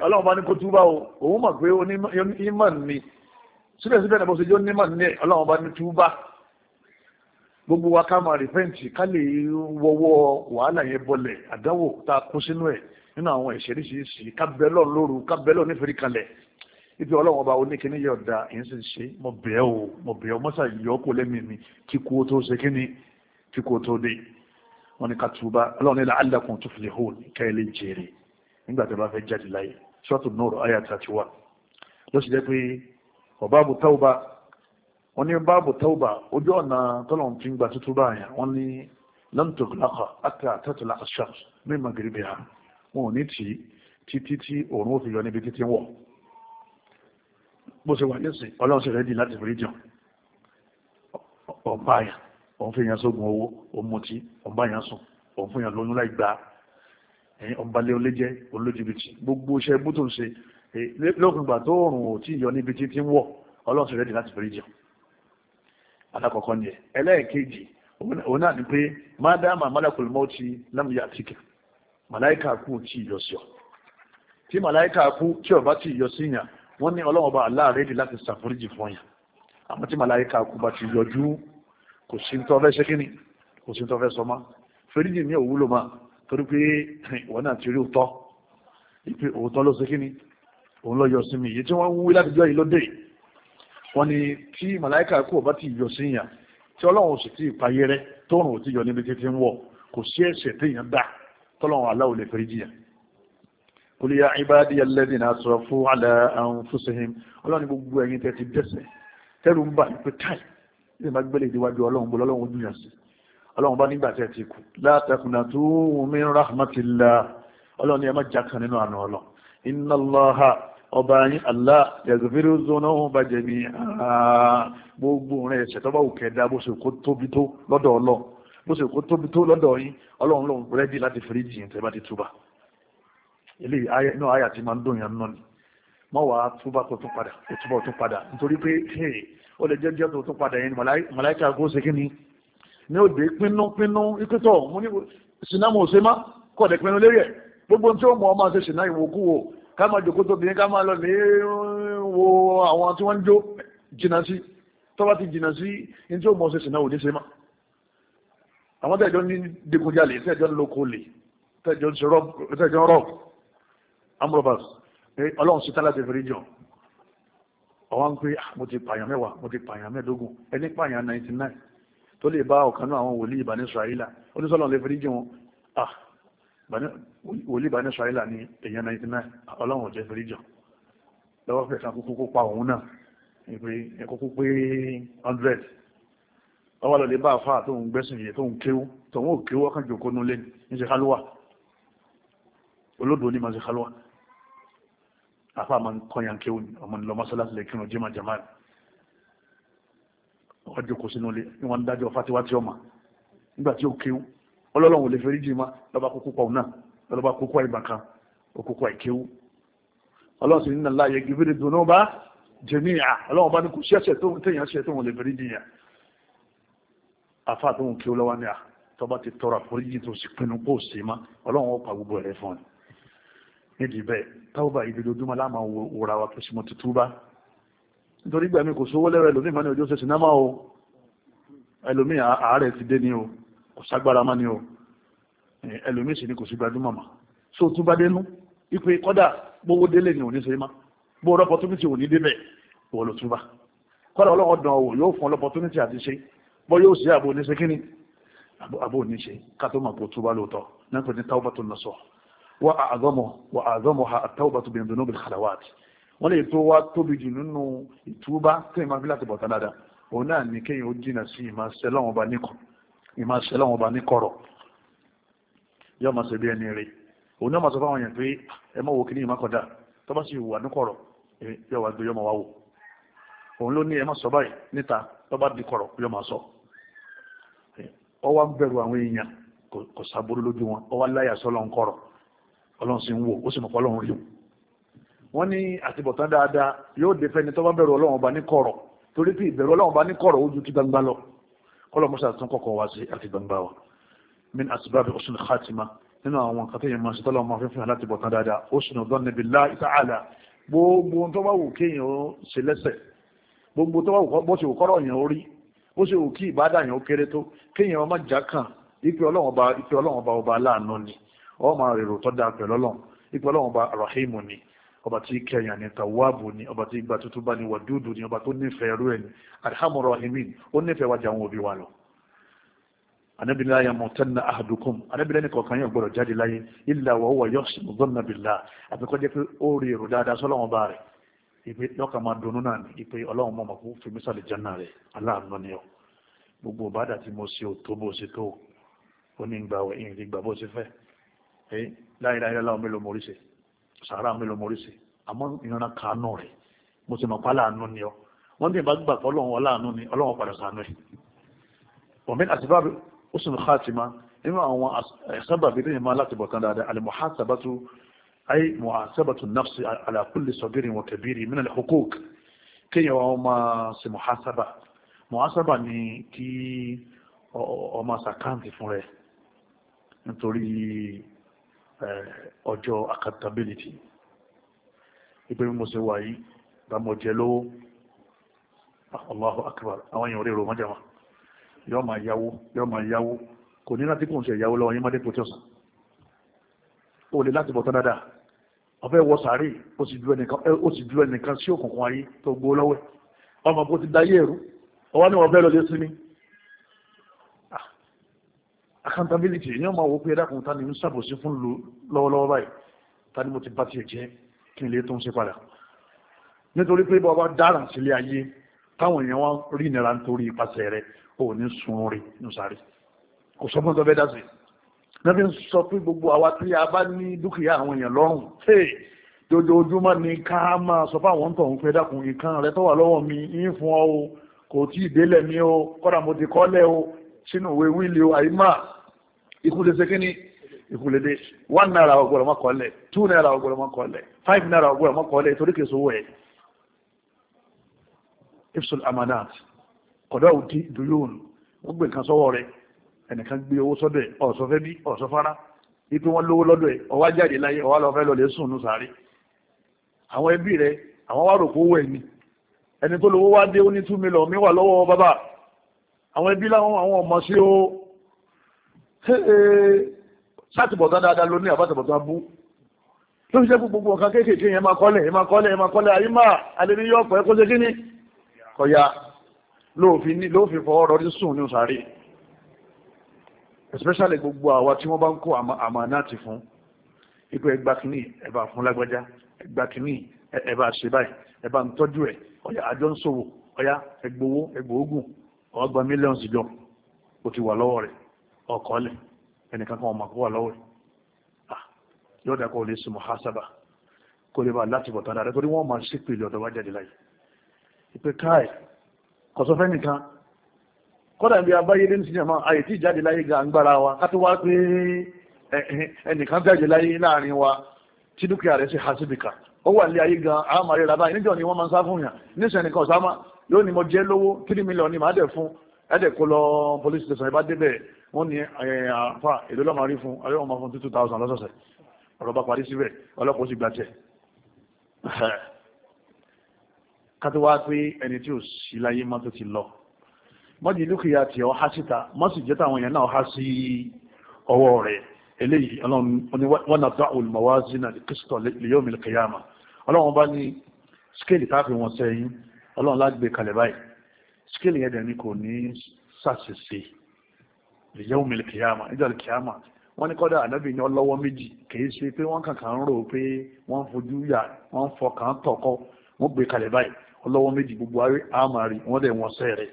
ọlọ́run bá ní kó túbà o òun mọ̀ pé onímọ̀ ni síbẹ̀síbẹ̀ ní bó ṣe jẹ́ onímọ̀ ni ọlọ́run bá ní túbà gbogbo wa ká máa rìfẹ́ǹtì ká lè wọ́wọ́ wàhálà yẹn bọlẹ̀ àdánwò tá a kó sínú ẹ̀ nínú àwọn ìṣeríṣiríṣi ká bẹ́ẹ̀ lọ lóru ká bẹ́ẹ̀ lọ nífẹ̀ẹ́ ibi ọlọ́wọ́n ọba oníkíní yọ̀ da èyí sì ṣe mo bẹ̀ ọ́ mo bẹ̀ ọ́ mọ́sà yọ kó lẹ́mìí mi kí kú ó tó ṣe kí ni kí kú ó tó dé wọn ni ká túbá ọlọ́run ní la'allakum tuflihun ká ẹ lè jèrè nígbà tí a bá fẹ́ jáde láyé suratu nur ayat thirty one ló sì jẹ́ pé ọba àbò tauba wọn ní báàbò tauba ojú ọ̀nà tọ́lọ̀n fi ń gba tútú báyà wọn ní lan tughlaqa hatta tatla'a ash-shams min maghribiha wọn ò ní tì títí tí òòrùn ó fi yọ níbi títí wọ̀ bó ṣe wà nísìn ọlọ́run ṣe rẹ́dì láti forí jàn ọ̀pá àyà òun fi yàn sógun owó òun mutí òun bá yàn sùn òun fún yàn lóyún láì gba ẹ̀yìn ọba lé olé jẹ́ olójúbìtì gbogbo iṣẹ́ bó tó ń ṣe lókun ìgbà tó rùn ò tí yọ níbi tí ti ń wọ̀ ọlọ́run ṣe rẹ́dì láti forí jàn alákọ̀ọ́kọ́ ni ẹ̀ ẹlẹ́ẹ̀kejì òun náà ni pé mádàmà málàkùlùmọ́ ti lámùyà àtìkà màláìkà kù tí ìyọ̀sọ̀ tí màláìkà kú tí ọba tí ìyọ̀síyàn wọ́n ní ọlọ́wọ́ bá aláàrẹ́ di láti ṣàforíjì fún yàn àwọn tí màláyíká kú bá ti yọjú kò sí tó fẹ́ ṣe kíni kò sí tó fẹ́ sọ má fèrèjì ní òwúlò má torí pé ìwọ náà ti rí òótọ́ ìpè òótọ́ ló ṣe kíni òun lọ yọ sí mi tí wọ́n ń láti jọ yìí wọ́n ní tí màláyíká kú bá ti yọ sí yàn tí ọlọ́run sì ti ìpayẹrẹ tóorùn ò ti yọ níbi títí ń wọ̀ kò sí ẹ̀ṣẹ̀ téèyàn dá tọ́lọ́run aláwọ̀ lè fèrèjì yàn kul ya ibadiya alladhina asrafu ala anfusihim ọlọ́run gbogbo ẹ̀yin tẹ́ ti dẹ́sẹ̀ tẹ́lu ń bà ní pé táì ní ma gbélé ìdíwájú ọlọ́run bọ́lọ́ ọlọ́run dùn yàn sí ọlọ́run bá nígbà tẹ́ ti kù la taqnatu min rahmatillah ọlọ́run ni ẹ má jákàn nínú àná ọlọ́ inna Allaha ọba yín Allah yaghfiru dhunuba jami'a gbogbo rẹ̀ ẹ̀ṣẹ̀ tó bá wù kẹ́ẹ̀dá bó ṣe kó tóbi tó lọ́dọ̀ ọlọ́run bó ṣe kó tóbi tó lọ́dọ̀ yín ọlọ́run lòun rẹ́dí láti fìríjì yín tẹ́ bá ti túbà eléyìí ayé náà ayé àti máa ń dùn yàn náà ni mọ́ wàá túbà tó tún padà ìtúbà tún padà nítorí pé ó lè jẹ́ jẹ́ tó tún padà yẹn màláìka kó ṣe kí ni ní òde pinnu pinnu ìpẹ́tọ̀ mo ní sinamu òṣè má kọ̀dẹ̀ pinnu lérí ẹ̀ gbogbo tí ó mọ̀ ọ́ máa ṣe ìwòkú wo ká máa jòkó tóbi ká máa lọ lè wo àwọn tí wọ́n ń jó jìnnà sí tó bá ti jìnnà sí ní tí ó mọ̀ ṣe sìnà òní ṣe àwọn tẹ̀jọ́ ní digunjalè tẹ̀jọ́ ń tẹ̀jọ́ ń amrobas ọlọ́run sí tálá tẹ̀fẹ̀rí jọ ọwọ́ ń pé ah, mo ti pààyàn mẹ́wàá mo ti pààyàn mẹ́ẹ̀dógún ẹni pààyàn 99 tó lè bá ọ̀kanú àwọn wòlíì ìbàní israẹ́lá onísọ́lọ̀ lè fẹ́rí jọ ah wòlíì ìbàní israẹ́lá ni èèyàn 99 ah, ọlọ́run ò jẹ́ fẹ́rí jọ lọ́wọ́ fẹ́ kan kúkú pa òun náà ìpè ẹ̀kọ́kú pé 100 ọwọ́ lọ lè bá àfáà tó ń gbẹ́sìn yẹ tó ń kéwú tòun ò kéwú ọkàn jòkó nulẹ̀ ní ṣe kálúwà olódò ní ma ṣe kálúwà afa man kọyàn kéwòn man nílò mọ́sálásí lè kírun jimá jama ọjọ́ kò sínú ilé ni wọ́n ń dájọ́ fatiwa tí ó ma nígbà tí ó kéwù ọlọ́lọ́run ò lè fẹ́rí jimá lọ́ba kókó pa òun náà lọ́ba kókó àìbà kan òkókó àìkéwù ọlọ́run sì ní nàlá yẹ gíbírí dùnú bá jẹ̀mí à ọlọ́run bá ní kò ṣẹ́ṣẹ̀ tó téèyàn ṣe tó wọn lè fẹ́rí jiyàn afa tó ń kéwù lọ́wọ́ ní ti tora àforíjì tó sì pinnu kó o sì má ọlọ́run ó pa gbogbo ẹ̀rẹ́ fún nídìí bẹ́ẹ̀ táwọ́bà ìdílójúmọ́ láàmà wòrà wa tó sì mọ̀ tuntun bá nítorí ìgbà mi kò sówó lẹ́rọ ẹlòmíì mọ́ ní ojú ṣẹṣin náà o ẹlòmíì àárẹ̀ ti dé ni o kò ságbára mọ́ ni o ẹlòmíì sì ni kò sí gbajúmọ̀ mọ́ so tún bá dénú ipe kọ́dà gbowó délé ni òní ṣe má gbowó opportunity òní débẹ̀ wọ́n ló tún bá kọ́dà ọlọ́wọ́ dán o yóò fún opportunity àti ṣe bọ́ yóò ṣe àbò oníṣe kíni àbò oníṣe ká tó mọ̀ pé ó tún bá lóòótọ́ náà pè ní táwọn lọ sọ̀rọ̀ wọ́n àgọ́mọ̀ wọ́n àgọ́mọ̀ àtọ́wọ́bà tó bẹ̀rẹ̀ lóbi kàlàwàtì wọ́n lè tó wá tóbi jù nínú ìtúbá tó ìmọ̀ abílà ti bọ̀ tán dáadáa òun náà ní kéyìn ó jìnà sí ìmọ̀ sẹ́lọ̀wọ̀n ọba ní kọ̀rọ̀ yóò máa ṣe bí ẹni rè òun náà máa sọ fáwọn èèyàn pé ẹ mọ̀ wò kí ní ìmọ̀ kọ̀dá tó bá sì wà ní kọ̀rọ̀ yóò wá gbé yóò máa wá wò òun ló ní ẹ má sọ báyìí níta tó bá di kọ̀rọ̀ yóò máa sọ ọ wá bẹ̀rù àwọn èèyàn kò sàbúrú lójú wọn ọ wá láyà sọ́lọ́ ń kọ̀rọ̀ ọlọ́run sì ń wò ó sì mọ̀ ọlọ́run rí wọ́n ní àtibọ̀tán dáadáa yóò dé fẹ́ni tó bá bẹ̀rù ọlọ́run ọba ní kọ̀rọ̀ torí pé ìbẹ̀rù ọlọ́run ọba ní kọ̀rọ̀ ojú ti gbangba lọ kọ́lọ̀ mọ́sá tún kọ́kọ́ wá sí àti gbangba wa min asbabi husn khatima nínú àwọn kan tó yẹ máa ṣe tọ́lọ́ máa fífún láti bọ̀tán dáadáa husn dhanni billahi ta'ala gbogbo tó bá wù kéèyàn ó ṣe lẹ́sẹ̀ gbogbo tó bá wù bó kọ́rọ̀ yẹn ó rí bó ṣe wù kí ìbádà ó kéré tó kéèyàn má já kàn ipe ọlọ́run ọba ipe ọlọ́run ọba ọba aláàánú ni ọ máa rèrò tó dáa pẹ̀lú ọlọ́run ipò ọlọ́run ọba rahimu ni ọba tí kẹyàn ní tawabu ni ọba tí gba tuntun bá ní wàdúdù ni ọba tó nífẹ̀ẹ́ rú ẹ̀ ni alhamu rahimin ó nífẹ̀ẹ́ wájà àwọn òbí wa lọ. anabila ya mutanna ahadukum anabila ni kọ̀ọ̀kan yóò gbọ́dọ̀ jáde láyé illa wa huwa yahsinu dhanna billah àbíkọ́ jẹ́ pé ó rí èrò dáadáa sọ́lọ́wọ́n bá rẹ̀ ìpè lọ́kàn máa dunnú náà ni ìpè ọlọ́run mọ̀ kó fi mí sàlẹ̀ jẹ́nà aláàánú ni ọ gbogbo bàdà tí mo ṣe ò tó bó ṣe tó ó ní gbà wẹ̀ ìrìn gbà bó ṣe fẹ́ ẹ eh, láìláìlá mélòó mo rí ṣe sàárà mélòó mo rí ṣe àmọ́ ìran kàánú rẹ̀ mo sì mọ̀ pa láàánú ni ọ wọ́n ti bá gbà pé ọlọ́run ọláàánú ni ọlọ́run padà sàánú ẹ̀ òmìn àti bábí ó sì ń ká ti ma nínú àwọn eh, sábàbí tó yẹ máa láti bọ̀ tán dáadáa alimuhasabatu ay muhasabatu nafsi ala kulli sagirin wa wọn máa ṣe nítorí Eh, ọjọ́ accountability ìpé mímọ̀ sí wà yí bàmọ̀ jẹ lówó ah, Allahu akbar àwọn èèyàn orí roma jama yọ ma yáwó yọ ma yáwó kò ní láti kùn sí ẹ̀yáwó lọ́wọ́ yí má dé pòtí ọ̀sán ó lè láti bọ̀tán dáadáa ọ̀fẹ́ wọ sàárè ó sì dúró ẹnìkan sí òkùnkùn ayé tó gbó lọ́wọ́ ọmọ bó ti dayé ẹ̀rú ọwọ́ ni wọ́n bẹ́ẹ̀ lọ sí ni accountability èèyàn máa wò ẹ̀dàkùn ta ni ń ṣàbòsí fún lu lọ́wọ́lọ́wọ́ báyìí ta ni mo ti bá tiẹ̀ jẹ́ kí n lè tó ń ṣe padà nítorí pé bọ́ bá dáràn sílé ayé táwọn èèyàn wọn rí ìnira nítorí ipasẹ̀ rẹ̀ ò ní sun rí nù sáré kò sọ fún tọ́fẹ́ dásì níbi ń sọ pé gbogbo àwa tí a bá ní dúkìá àwọn èèyàn lọ́rùn hey dojoojúmọ́ ni ká máa sọ fáwọn tó ń pẹ́ dákun nǹkan rẹ tó wà lọ́wọ́ mi ń fún ọ o kò tí ì délẹ̀ mi o kọ́dà mo ti kọ́lẹ̀ o sínú ìwé wíìlì o àyímá ikú lè ṣe kí ni ikú lè one naira ọgbọ̀rọ̀ mọ́ kọ́lẹ̀ two naira ọgbọ̀rọ̀ mọ́ kọ́lẹ̀ five naira ọgbọ̀rọ̀ mọ́ kọ́lẹ̀ torí kìí sówó ẹ̀ ifsul amanat kọ̀dọ̀ òdì dùyún wọ́n gbé nǹkan sọ́wọ́ rẹ̀ ẹnìkan gbé owó sọ́dọ̀ ẹ̀ ọ̀sọ́ fẹ́ bí ọ̀sọ́ fara ipe wọn lówó O ẹ̀ ọwá jáde láyé ọwá lọ fẹ́ lọ lè sùn nù sàárè àwọn ẹbí rẹ̀ àwọn wá rògbò owó ẹ̀mí ẹni tó lówó wá dé ó ní two million mi wà lọ́wọ́ bàbá àwọn ẹbí láwọn àwọn ọmọ sí ó sátìbọ̀tán eh, dáadáa ló ní àbátìbọ̀tán bú ló fi jẹ́ gbogbo ọ̀kan kéékèèké yẹn máa kọ́lẹ̀ yẹn máa kọ́lẹ̀ yẹn máa kọ́lẹ̀ ayé máa alẹ́ni yọ ọ̀pọ̀ ẹ̀kọ́ ṣe kí ni kọ̀yà ló fi fọ́ ọ̀rọ̀ rí sùn ní sàárè especially gbogbo àwa tí wọ́n bá ń kó àmà náà ti fún ipò ẹgbà kìíní ẹ̀bà fún lágbájá ẹgbà kìíní ẹ̀bà ṣe báyìí ẹ̀bà ń tọ́jú ẹ̀ ọ̀yà àjọ ń ṣòwò ọ̀yà ẹgbowó ẹgbòógùn ọgbà mílíọ̀nù jọ ó ti wà lọ́wọ́ rẹ̀ ọkọọlẹ ẹnìkan kan ọmọ àkọwà lọ́wọ́ ah, yóò dá lè sùn mọ hasaba lè bá láti bọ̀ tọ́lá rẹ torí wọ́n máa ṣípè lè ọ̀dọ̀ wá jáde láyé ìpè káì kọ̀sọ́ fẹ́ nìkan kọ́dà bí abáyé lé nísìnyí àmọ́ àyè tí ìjáde láyé ga wa ká tó wá pé ẹnìkan jáde láyé láàrin wa tí dúkìá rẹ̀ sì há síbi kan ó wà nílé ayé gan àmọ́ ni wọ́n máa ń sá fún yàn níṣẹ́ nìkan ọ̀sá yóò ní mo jẹ́ wọ́n ní eh, àfà èdè lọ́mà rí fún ayé ọmọ fún 2000 lọ́sọ̀ọ̀sẹ̀ ọ̀rọ̀ bá parí síbẹ̀ ọlọ́pọ̀ sì gbàtẹ̀ kátó wá pé ẹni tí ò sí láyé má tó ti lọ mọ́jì dúkìá tí ọ há síta mọ́ sì jẹ́ táwọn èèyàn náà há sí ọwọ́ rẹ̀ eléyìí ọlọ́run wọn nàta olùmọ̀wázínà kristo lèyọ́mìlì kìyàmà ọlọ́run bá ní skéèlì táàfin wọn sẹ́yìn ọlọ́run lágbè kalẹ̀ báyìí skéèlì yẹn ni kò ní sàṣìṣe lè yẹ́ omi kìyàmà níjọ́ kìyàmà wọ́n ní kọ́dà ànábì ní ọlọ́wọ́ méjì kìí ṣe pé wọ́n kàkàn ń rò pé wọ́n fojú yà wọ́n fọkàn tọ̀kọ́ wọ́n gbé kalẹ̀ báyìí ọlọ́wọ́ méjì gbogbo ayé àmàrí wọ́n dẹ̀ wọ́n sẹ́rẹ̀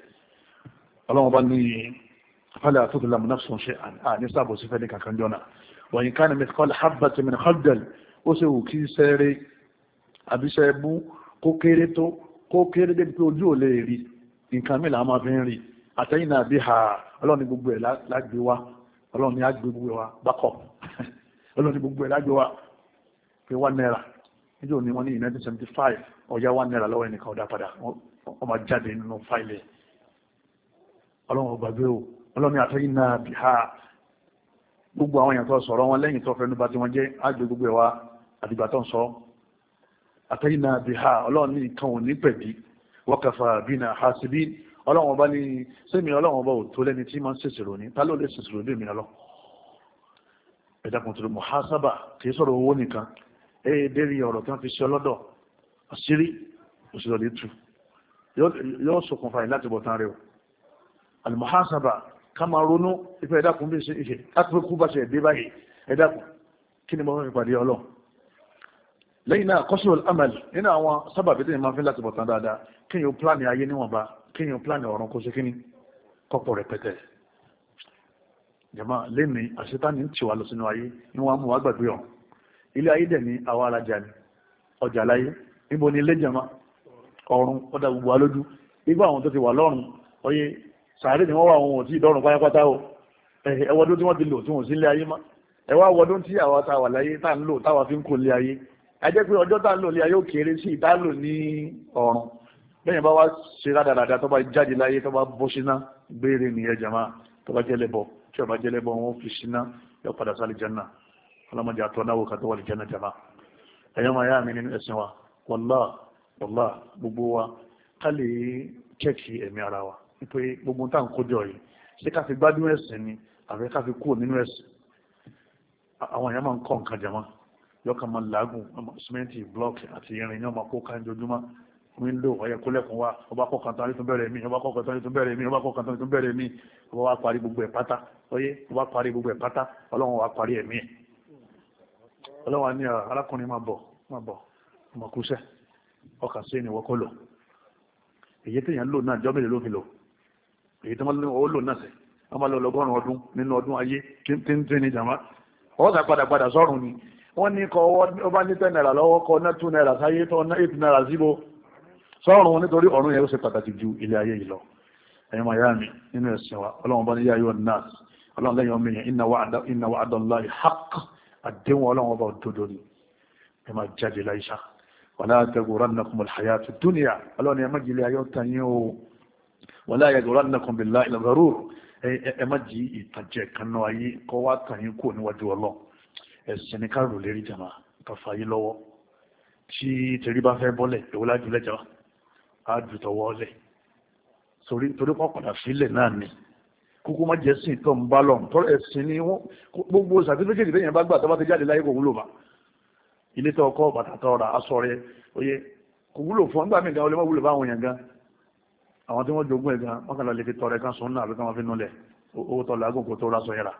ọlọ́wọ́ bá ní fala tudlamu nafsun shay'an à ní sábò sí fẹ́ni kankan jọ́nà wa in kana mithqala habbatin min khardal ó ṣe wù kí sẹ́rẹ̀ àbíṣẹ́ bú kó kéré tó kó kéré débi pé ojú ò lè rí nǹkan mìíràn máa fi ń rí àtẹ́yìn náà bí ha ọlọ́run ní gbogbo ẹ̀ lágbé wa ọlọ́run ní àgbé gbogbo wa bákọ̀ ọlọ́run ní gbogbo ẹ̀ lágbé wa pé wá náírà níjọ́ ni wọ́n ní nineteen seventy five ọ̀yá wá náírà lọ́wọ́ ẹnìkan ọ̀dà padà wọ́n máa jáde nínú fáìlì ọlọ́run ọgbàgbé o ọlọ́run ní àtẹ́yìn náà bì ha gbogbo àwọn èèyàn tó sọ̀rọ̀ wọn lẹ́yìn tó fẹnu bá ti wọn jẹ́ àgbé gbogbo ẹ̀ wa àdìgbà tó ń sọ àtẹ́yìn náà bì ha ọlọ́run ní nǹkan ò ní pẹ̀bí wọ́n bí náà ha síbí ọlọ́run ọba ní sẹ́mi ọlọ́run ọba ò tó lẹ́ni tí máa ń ṣèṣirò ní ta ló lè ṣèṣirò bí mi ọlọ́ ẹ̀dàkùn tó lè mọ̀ ha sábà kì í sọ̀rọ̀ owó nìkan ẹ̀ẹ́ dérí ọ̀rọ̀ tí wọ́n fi ṣe ọlọ́dọ̀ àṣírí òṣèlú lè tu yóò ṣokùnfà yìí láti bọ̀ tán rẹ̀ o àlùmọ̀hásábà ká máa ronú ìfẹ́ ẹ̀dàkùn bí ṣe ìṣe láti kú bá ṣe ẹ̀dẹ́ ni mo fẹ́ fi pàdé ọlọ́run lẹ́yìn náà kọ́sùn amal nínú àwọn sábàbí tí mo máa fi láti kíyàn plan ọ̀run kó sí kíní kọ́pọ̀ rẹpẹtẹ jama lẹ́ni àṣetánì ń tiwa lọ sínú ayé ni wọ́n á mú wa gbàgbé ọ̀hún ilé ayé dẹ̀ ní àwa alájà ni ọjà láyé níbo ni ilé jama ọ̀run ọ̀dà gbogbo alójú igbó àwọn tó ti wà lọ́run ọyẹ sàárè ni wọ́n wà wọn ò tí ì dọ́run pátápátá o ẹwọ́dún tí wọ́n ti lò tí wọ́n sí ilé ayé má ẹwà wọ́dún tí àwa ta wà láyé tá à ń lò táwa fi ń kó ilé ayé ajẹ́ pé ọjọ́ tá ń lò ilé ayé ó kéré sí ìdálò ní ọ̀run bẹ́yìn bá wá ṣe rádaràdà tó bá jáde láyé tó bá bọ́ síná gbére nìyẹn jama tó bá jẹ́lẹ́bọ̀ tí ọba jẹ́lẹ́bọ̀ wọn fi síná yọ padà sálì jẹ́nà ọlọ́mọdé àtọ́ náwó ká tó wà lè jẹ́nà jama ẹ̀yọ́ máa yá mi nínú ẹ̀sìn wa wàlá wàlá gbogbo wa ká lè kẹ́kì ẹ̀mí ara wa pé gbogbo tá à ń kójọ yìí ṣé ká fi gbádùn ẹ̀sìn ni àbí ká fi kúrò nínú ẹ̀sìn àwọn èèyàn máa ń kọ́ nǹkan jama yọ windo ọyẹ kólẹ̀kùn wa ọba kọkàn tán mi ọba kọkàn tán tún mi ọba kọkàn tán tún bẹ̀rẹ̀ mi ọba wa parí gbogbo ẹ̀ pátá ọyẹ ọba parí gbogbo ẹ̀ pátá ọlọ́run wa parí ẹ̀mí ẹ̀ ọlọ́run ni ní ah, arákùnrin máa bọ̀ máa bọ̀ ọmọkúṣẹ́ ọkà sí ẹni wọ́kọ́ lọ èyí téèyàn lò náà jọ́mìlì ló fi lò èyí tó máa lò náà sẹ̀ wọ́n máa lọ lọ́gọ́rùn-ún ọdún nínú ọdún ayé tíntìn ní jàmá ọwọ́ sà padà padà sọ́run ni wọ́n ní kọ́ ọba ní ten naira lọ́wọ́ kọ́ ná two naira sáyé tó ná eight naira síbo sọ́run wọn nítorí ọ̀run yẹn ó ṣe pàtàkì ju ilé ayé yìí lọ ẹ̀yin máa yára mi nínú ẹ̀sìn wa ọlọ́run bá ní yá yóò náà ọlọ́run lẹ́yìn ọmọ èèyàn iná wa adọ́lá ìhàk àdéhùn ọlọ́run ọba òdodo ni ẹ máa jáde láìsá wàlá àtẹgùrán náà kùmọ̀lá àyà tó dúnìyà ọlọ́run ẹ má jìlẹ̀ ayọ́ tán yín o wàlá àyàgùrán náà kùmọ̀lá ìlàgàrú ẹ má jí ìtàjẹ kanáà ayé kọ́ wá tàn yín kúrò níwájú ọlọ́run ẹ̀sìn ní ká rò lérí jàmá kàfà yín lọ́wọ́ tí tẹ̀rí bá fẹ́ bọ́lẹ̀ ìwọlá jùlẹ̀ àdùtọ̀wọ́lẹ̀ torí pọ́pọ̀dà sílẹ̀ náà ni kúkú má jẹ́ sí ìtọ́ ń bá lọ tọ́rọ ẹ̀sìn ni wọ́n gbogbo sàtífíkẹ́tì bẹ́yẹn bá gbà tó bá ti jáde láyé kò wúlò bá ilé tó ọkọ bàtà tó ra aṣọ rẹ oyè kò wúlò fún ọgbà mi gan olè má wúlò bá àwọn èèyàn gan àwọn tí wọ́n jogún ẹ̀ gan wọ́n lè fi tọrẹ kan sùn náà àbí kan fi nulẹ̀ owó tọ́ làágùn kò tó rásọ yẹra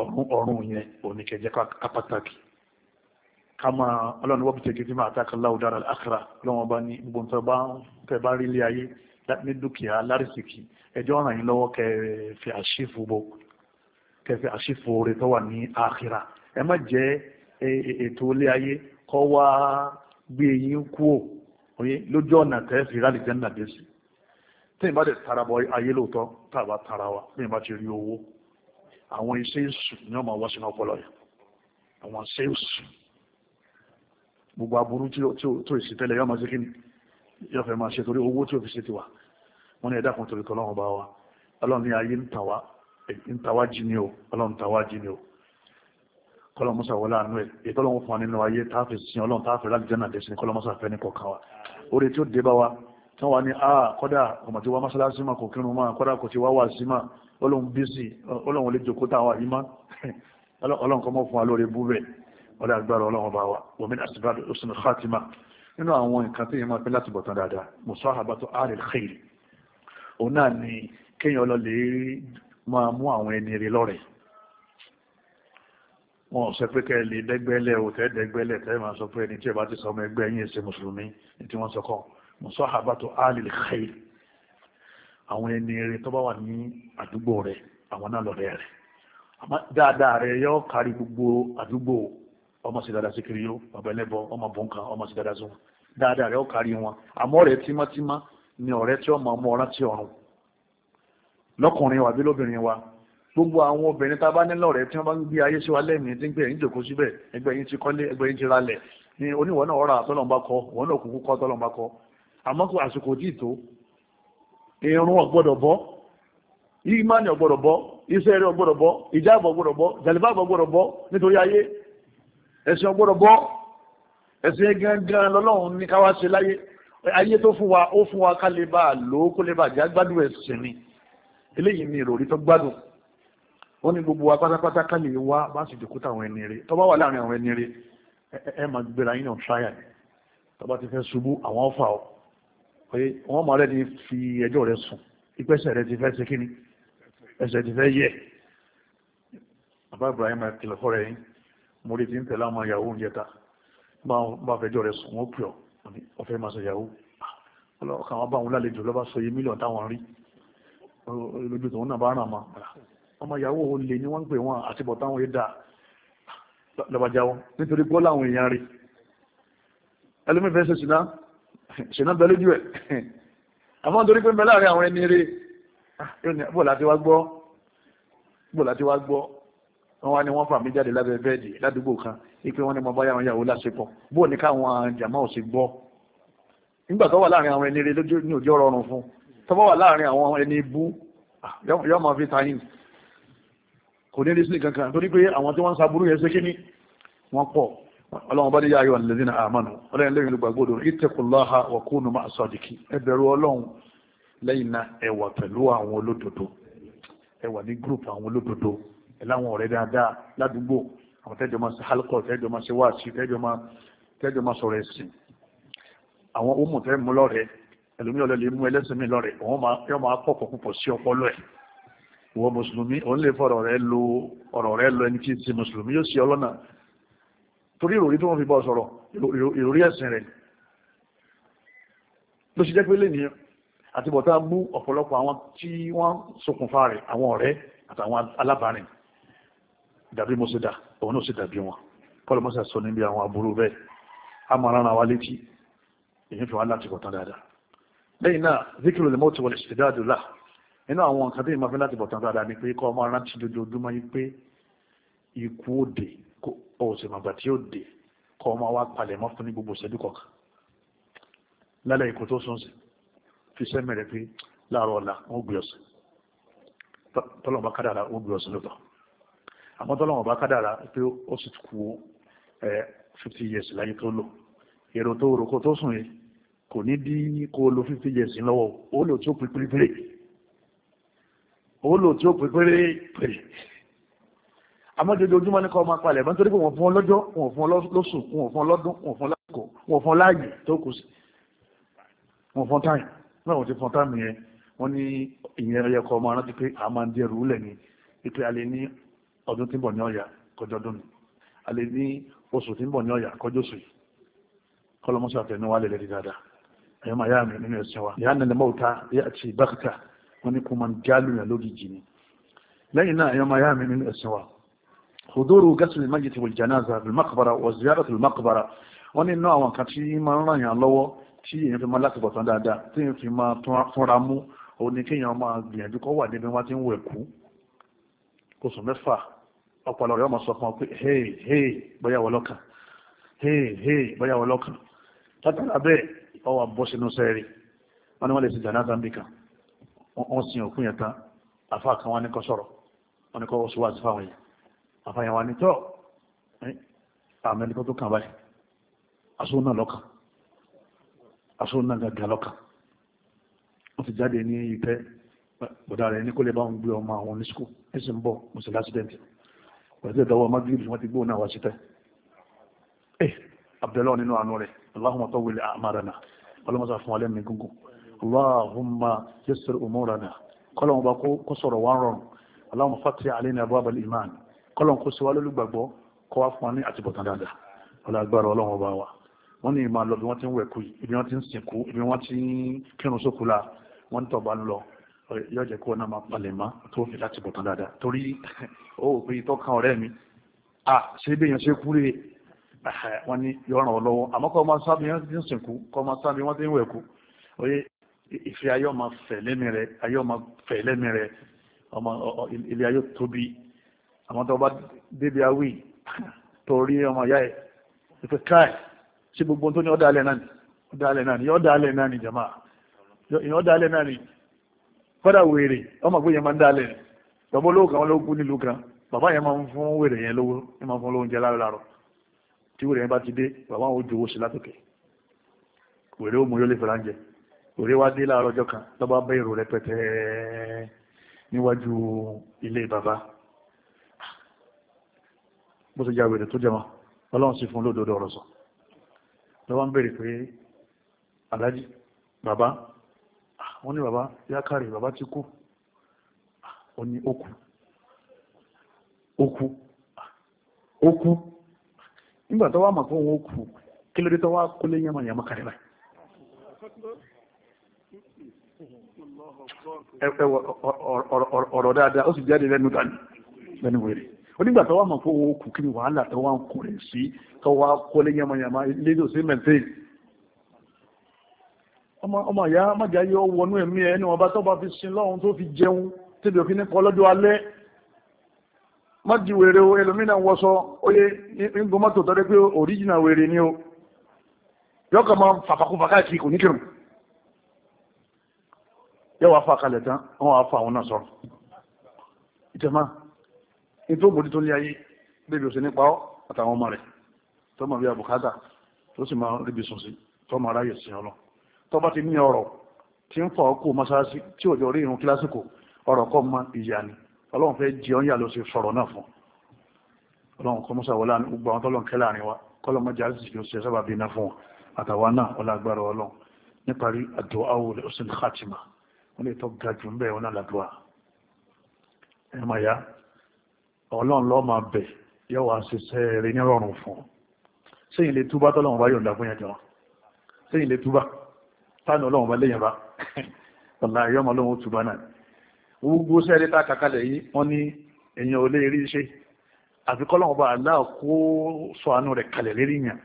ọ̀run ọ̀run yẹn òní kẹjẹ pàtàkì kama ọlọ́run wọ́n fi tẹ̀kì tí máa tàkà láwùdára àkàrà lọ́wọ́n bá ní gbogbo nǹkan bá ń fẹ́ bá rí ilé ayé ní dúkìá lárísìkì ẹjọ́ ràn yín lọ́wọ́ kẹfẹ́ àṣìfò bọ̀ kẹfẹ́ àṣìfò rẹ̀ tó wà ní àkàrà ẹ má jẹ́ ètò ilé ayé kọ́ wá gbé yín kú ò lójú ọ̀nà tẹ́sí rálì jẹ́ nàdé sí tí ìbá dẹ̀ tara bọ ayé lóòótọ́ tàbá tara wa bí ìbá ti rí owó àwọn iṣẹ́ ìsù ni wọ́n máa wá sínú ọpọlọ yẹn àwọn iṣẹ́ ìsù gbogbo aburú tí ó sì tẹ́lẹ̀ yọ́ máa ṣe kí ni yọ́ fẹ́ máa ṣe torí owó tí ó fi ṣe ti wà wọ́n ní ẹ̀dá kan torí tọ́lọ́run bá wa ọlọ́run ní ayé ń tàwá jí ni o ọlọ́run tàwá jí ni o kọlọmọsà wọlé àánú ẹ̀ ìtọ́lọ́wọ́ fún wa nínú ayé táàfẹ́ sí ọlọ́run táàfẹ́ láti jẹ́ nàdẹ́sí ní kọlọmọsà fẹ́ ní kọ̀ọ̀kan wa orí tí ó dé bá wa tán wà ní àà kọ́dà ọmọ tí wá mọ́sálásí mà kò kírun máa kọ́dà kò ti wá wà sí mà ọlọ́run bí sí ọlọ́run lè jòkó táwa yìí má ọlọ́run kọ́mọ́ fún wa lórí bú ọlá agbára ọlọ́run bá wa wọ́n mi àṣìbáàbí òsùn khatima nínú àwọn nǹkan tí yẹn máa fẹ́ láti bọ̀ tán dáadáa musahabatu alil khair òun náà ni kéèyàn ọlọ́lẹ̀ máa mú àwọn ẹni rí lọ́rẹ̀ wọn ò sọ pé kẹ́ ẹ lè dẹ́gbẹ́lẹ̀ ò tẹ́ dẹ́gbẹ́lẹ̀ tẹ́ máa sọ pé ẹni tí ẹ bá ti sọ ọmọ ẹgbẹ́ yín ṣe mùsùlùmí ní tí wọ́n sọ kọ́ musahabatu alil khair àwọn ẹni rí tó bá wà ní àdúgbò rẹ̀ àwọn náà lọ́rẹ̀ rẹ̀ dáadáa rẹ̀ yọ ọmọ sí dada sí kiri yó bàbá ẹlẹ́bọ ọmọ bọ̀ǹkan ọmọ sí dada sún dáadáa rẹ̀ ó kárí wọn àmọ́ rẹ̀ tímátímá ni ọ̀rẹ́ tí ọmọ ọmọ ọ̀rán tí ọ̀run lọ́kùnrin wa bí lóbìnrin wa gbogbo àwọn obìnrin tá a bá nílò rẹ̀ tí wọ́n bá ń gbé ayé sí wa lẹ́mìí tí ń gbé ẹ̀yìn jòkó síbẹ̀ ẹgbẹ́ yín ti kọ́lé ẹgbẹ́ yín ti ralẹ̀ ni oníwọ̀ náà ọ̀rà tọ́lọ́mbà kọ òun náà kúkú kọ́ tọ́lọ́mbà kọ àmọ́ kò àsìkò dì tó irun ọ̀gbọ́dọ̀ bọ́ ìmánì ọ̀gbọ́dọ̀ bọ́ iṣẹ́ rẹ̀ ọ̀gbọ́dọ̀ bọ́ ìjáàbọ̀ ọ̀gbọ́dọ̀ bọ́ jàlíbàbọ̀ ọ̀gbọ́dọ̀ bọ́ nítorí ayé ẹ̀sìn ọgbọ́dọ̀ bọ́ ẹ̀sìn gangan lọ́lọ́run ní káwá ṣe láyé ayé tó fún wa ó fún wa ká lè bá a lò ó kó lè bá a jẹ́ agbádùn ẹ̀sìn ni eléyìí ni ìròrí tó gbádùn wọ́n ní gbogbo wa pátápátá ká lè wá bá sì dìkú táwọn ẹni rẹ̀ tó bá wà láàrin àwọn ẹni rẹ̀ ẹ máa gbéra yín náà ṣáyà ni tó bá ti fẹ́ ṣubú àwọn ọ̀fà ọ pé wọ́n máa rẹ̀ ní fi ẹjọ́ rẹ̀ sùn ìpẹ́sẹ̀ rẹ̀ ti fẹ́ ṣe kíni ẹsẹ̀ ti fẹ́ yẹ bàbá Ibrahim kìlọ̀ fọ́rẹ̀ yín mo rí ti ń tẹ̀lé àwọn ìyàwó ń jẹta bá fẹjọ́ rẹ̀ sùn wọ́n pìọ̀ ọ̀fẹ́ máa sọ ìyàwó ọkàn wọn bá wọn lálejò lọ́ba sọ iye mílíọ̀n táwọn rí lójú tòun náà bá ràn ma ah, ọmọ ìyàwó ò lè ní wọ́n ń pè wọ́n àtibọ̀ táwọn yé dáa ah, lọ́ba jáwọ́ nítorí gbọ́ láwọn èèyàn rí ẹlẹ́mìfẹ́ ṣe ṣìná ṣìná bẹ lójú ẹ̀ àmọ́ nítorí pé ń àwọn ẹni rí ah, bọ́ọ̀lá ti wá gbọ́ wọ́n wá ní wọ́n fà mí jáde lábẹ́ bẹ́ẹ̀dì ládùúgbò kan ipe wọ́n ní mo báyà wọn yàwó láṣepọ̀ bó ní káwọn jàmá ò sì gbọ́ nígbà tó wà láàrin àwọn ẹni rẹ lójú ní òjò rọrùn fún tó bá wà láàrin àwọn ẹni bú yọ máa fi tayin kò ní rísí kankan torí pé àwọn tí wọ́n ń saburú yẹn ṣe kíní wọ́n pọ̀ ọlọ́run bá ní yá ayọ̀ alladhina amanu ọlọ́run lẹ́yìn olùgbàgbọ́dọ̀ ittaqullaha wa kunu ma'a sadiqin ẹ bẹ̀rù ọlọ́run lẹ́yìn náà ẹ pẹ̀lú àwọn olódodo ẹ ní gúrùpù àwọn olódodo ẹ̀ láwọn ọ̀rẹ́ dáadáa ládùúgbò àwọn tẹ́jọ máa ṣe halkọ̀ tẹ́jọ máa ṣe wáàsí tẹ́jọ máa sọ̀rọ̀ ẹ̀sìn àwọn ọmọ tẹ́ mú lọ́rẹ̀ ẹlòmí ọ̀lẹ́ lè mú ẹlẹ́sìn mi lọ́rẹ̀ wọ́n máa kọ̀kọ̀ púpọ̀ sí ọpọlọ ẹ̀ ìwọ mùsùlùmí òun lè fọ̀rọ̀ rẹ lo ọ̀rọ̀ rẹ lọ ẹni tí ti mùsùlùmí yóò sí ọlọ́nà torí ìròrí tó wọ́n fi bọ́ sọ̀rọ̀ ìròrí ẹ̀sìn rẹ̀ ló ṣe jẹ́ pé lè nìyẹn àti bọ̀tá mú ọ̀pọ̀lọpọ̀ àwọn tí wọ́n ṣokùnfà rẹ̀ àwọn ọ̀rẹ́ àtàwọn alábàárìn dàbí mo ṣe dà òun náà ṣe dàbí wọn kọ́lọ̀ mọ́sà sọ níbi àwọn aburú bẹ́ẹ̀ a máa rán wa létí èyí fi wọn láti bọ̀tán dáadáa lẹ́yìn náà zikiru lè mọ́tò wọlé ṣèdáàdù là nínú àwọn nǹkan tí ìmọ̀ fi láti bọ̀tán dáadáa ni pé kọ́ ọmọ rántí dojoojúmọ́ yìí pé ikú òde ọ̀sẹ̀ màgbà tí ó dé kọ́ ọmọ wa palẹ̀ mọ́ fún ní gbogbo ìṣẹ́jú kọ̀ọ̀kan lálẹ́ ikú tó sún sí fi sẹ́mẹ̀rẹ̀ pé láàárọ̀ ọ̀la wọ́n gbé ọ̀sẹ̀ tọ́lọ́mọ kádàrà wọ́n gbé ọ̀sẹ̀ lọ́tọ̀ọ́ àmọ́ tọ́lọ́wọ̀n bá kádàrà pé ó sì kú fifty years láyé tó lò èrò tó roko tó sùn kò ní bí kó lo fifty years lọ́wọ́ ó lò tí ó pè péré péré ó lò tí ó pè péré péré àmọ́ ojoojúmọ́ ní kọ́ máa palẹ̀ mọ́ nítorí pé wọ́n fún ọ lọ́jọ́ wọ́n fún ọ lóṣù wọ́n fún ọ lọ́dún wọ́n fún ọ lásìkò wọ́n fún ọ láàyè tó kù sí wọ́n fún táyì náà wọ́n ti fún táyì yẹn wọ́n ní ìyẹn ẹ̀yẹ kọ́ máa rántí pé a máa ń dẹrù lẹ̀ ní ìpè alẹ́ ní ọdún tí ń bọ̀ ní ọ̀yà kọjọ́ ọdún ni a lè ní oṣù tí ń bọ̀ ní ọ̀yà kọjọ́ oṣù yìí kọlọmọsọ àtẹnu wa lẹ̀lẹ̀ dáadáa ẹ̀yọ́ máa yá mi nínú ẹ̀sìn wa ìyá nílẹ̀ mọ́ta yá àti bákítà wọn ni kò máa ń jálù yàn lójijì ni lẹ́yìn náà ẹ̀yọ́ máa yá mi nínú ẹ̀sìn wa huduru ghasl al-mayyit wal janaza bil maqbara wa ziyarat al maqbara wọn ni náà àwọn kan tí máa ń ràn yàn lọ́wọ́ tí èèyàn fi máa lásìkò tán dáadáa tí èèyàn fi máa fúnra mú òun ni kéèyàn máa gbìyànjú kọ́ wà níbi wọn ti ń wẹ̀kú oṣù mẹ́fà ọpọlọ rẹ̀ ọmọ sọ fún ọ pé hey hey bóyá wọ lọ́kàn hey hey bóyá wọ lọ́kàn látara bẹ́ẹ̀ ọwọ́ bọ́ sínú sẹ́ẹ̀rì wọ́n ní wọ́n lè ti jàǹdà zambi kan wọ́n sin òkú yẹn tán àfa kan wọ́n ní kó sọ̀rọ̀ wọ́n ní kó wọ́n sùwà sí fáwọn yẹn àfa yẹn wọ́n ní tọ́ àmì ẹni kó tó kàn báyìí aṣọ náà lọ́kàn aṣọ náà gàgà lọ́kàn wọ́n ti jáde ní ìfẹ́ bọ̀dá rẹ̀ ní kó lè bá wọn gbé ọmọ àwọn ní sukù ní sì ń bọ̀ mùsùlùmí pẹ̀lú ìdọwọ́ magrib wọ́n ti gbóhùn náà wá ṣítẹ́ eh abdullahi nínú àánú rẹ̀ allahumma tawwil a'marana ọlọ́mọsá fún wa lẹ́mìí gúngùn allahumma yassir umurana kọ́lọ̀n bá kó sọ̀rọ̀ wá rọrùn allahumma fati alaina abwab al-iman kọ́lọ̀n kó síwá lólùgbàgbọ́ kọ́ wá fún wa ní àtibọ̀tán dáadáa ọlá agbára ọlọ́run bá wa wọ́n ní ìmọ̀ lọ yóò jẹ́ kó náà máa palẹ̀ mọ́ tó fi láti bọ̀ tán dáadáa torí ó wò pé tọ́ka ọ̀rẹ́ mi à ṣé béèyàn ṣe kú rèé wọ́n ní yọ ràn ọ́ lọ́wọ́ àmọ́ kọ́ máa sábì wọ́n ti ń sìnkú kọ́ máa sábì wọ́n ti ń wẹ̀kú oye ìfẹ́ ayọ́ máa fẹ̀ lẹ́mi rẹ̀ ayọ́ máa fẹ̀ lẹ́mi rẹ̀ ọmọ ilé ayọ́ tóbi àmọ́ tó bá débi awí torí ọmọ ìyá ẹ̀ ìfẹ́ káì ṣé gbogbo tó ní ọ̀dà alẹ́ náà ni ọ̀dà alẹ́ náà ni ọ̀dà alẹ́ náà ni jama ọ̀dà alẹ́ náà ni kọ́dà wèrè ọ pé yẹn máa ń dálẹ̀ bàbá olówó kan ló kú nílùú kan bàbá yẹn máa ń fún wèrè yẹn lówó yẹn máa ń fún lówó oúnjẹ tí wèrè yẹn bá ti dé bàbá wọn ó jowó sí látòkè wèrè ó mú wèrè wá dé láàárọ̀ ọjọ́ kan èrò rẹpẹtẹ níwájú ilé bàbá bó ti wèrè tó jẹmọ sì fún lódodo sọ ń béèrè pé bàbá wọ́n ní bàbá yákàrí bàbá ti kú ó ní okú okú okú nígbà tó wá mọ̀ fún òun okú kí ló dé tó wá kó lé yánmọ̀ yánmọ̀ kárí báyìí ọ̀rọ̀ dáadáa ó sì jáde lẹ́nu tani lẹ́nu wèrè onígbà tó wá mọ̀ fún òun okú kí ni wàhálà tó wá ń kórè sí tó wá kó lé yánmọ̀ yánmọ̀ lé ọmọ ìyá májà yọ wọnú ẹ̀mí ẹ̀ ẹni wọn bá tọ́ba fi sin lọ́hun tó fi jẹun tẹ́bí òfin nípa ọlọ́jọ́ alẹ́ májì wèrè o ẹlòmínà wọṣọ oyè ńgbọ́n mọ́tò tọ́lẹ́ pé òríjìnà wèrè ni o yọkà máa fàfàkùfà káàkiri kò ní kírun yọ wàá fà kalẹ̀ tán wọn wàá fà àwọn náà sọ̀rọ̀ ìtẹ̀má ètò òbòdì tó ní ayé bébí òsè nípa ọ àtàwọn ọmọ rẹ̀ tọ́mọ bíi àbùkátà tó sì máa ríbi sùn sí tọ́mọ aráyè sí ọlọ́run tó bá ti ní ọ̀rọ̀ tí ń fọ ọkọ̀ mọ́ṣáláṣí tí òjò rí irun kílásìkò ọ̀rọ̀ kọ́ mọ ìyá ni ọlọ́run fẹ́ jẹ ọ́nyà ló ṣe sọ̀rọ̀ náà fún ọlọ́run kọ́ mọ́ṣá wọlé àni gbogbo àwọn tọ́lọ́run kẹ́ wa kọ́lọ́ mọ́jà àti ìṣèjọ ṣe sábà bí iná fún wọn àtàwa náà ọlágbára ọlọ́run níparí àdó áwò lẹ́sìn khatima wọ́n lè tọ́ ga jù ń bẹ́ẹ̀ wọn náà làdúrà ẹ máa yá ọlọ́run lọ́ máa bẹ̀ yọ wá ṣiṣẹ́ rẹ nírọ̀rùn fún sẹ́yìn lè túbá tọ́lọ́run bá yọ̀ǹda fún yẹn jọ sẹ́yìn lè túbá tánà ọlọ́run bá léyìn bá ọ̀la ìyọ́mọ ọlọ́run ó túbọ̀ náà gbogbo sẹ́ẹ̀rí tá a kàkalẹ̀ yìí wọ́n ní èèyàn ò lè rí iṣẹ́ àfi kọ́lọ́run bá aláà kó sọ àánú rẹ̀ kalẹ̀ lérí yàn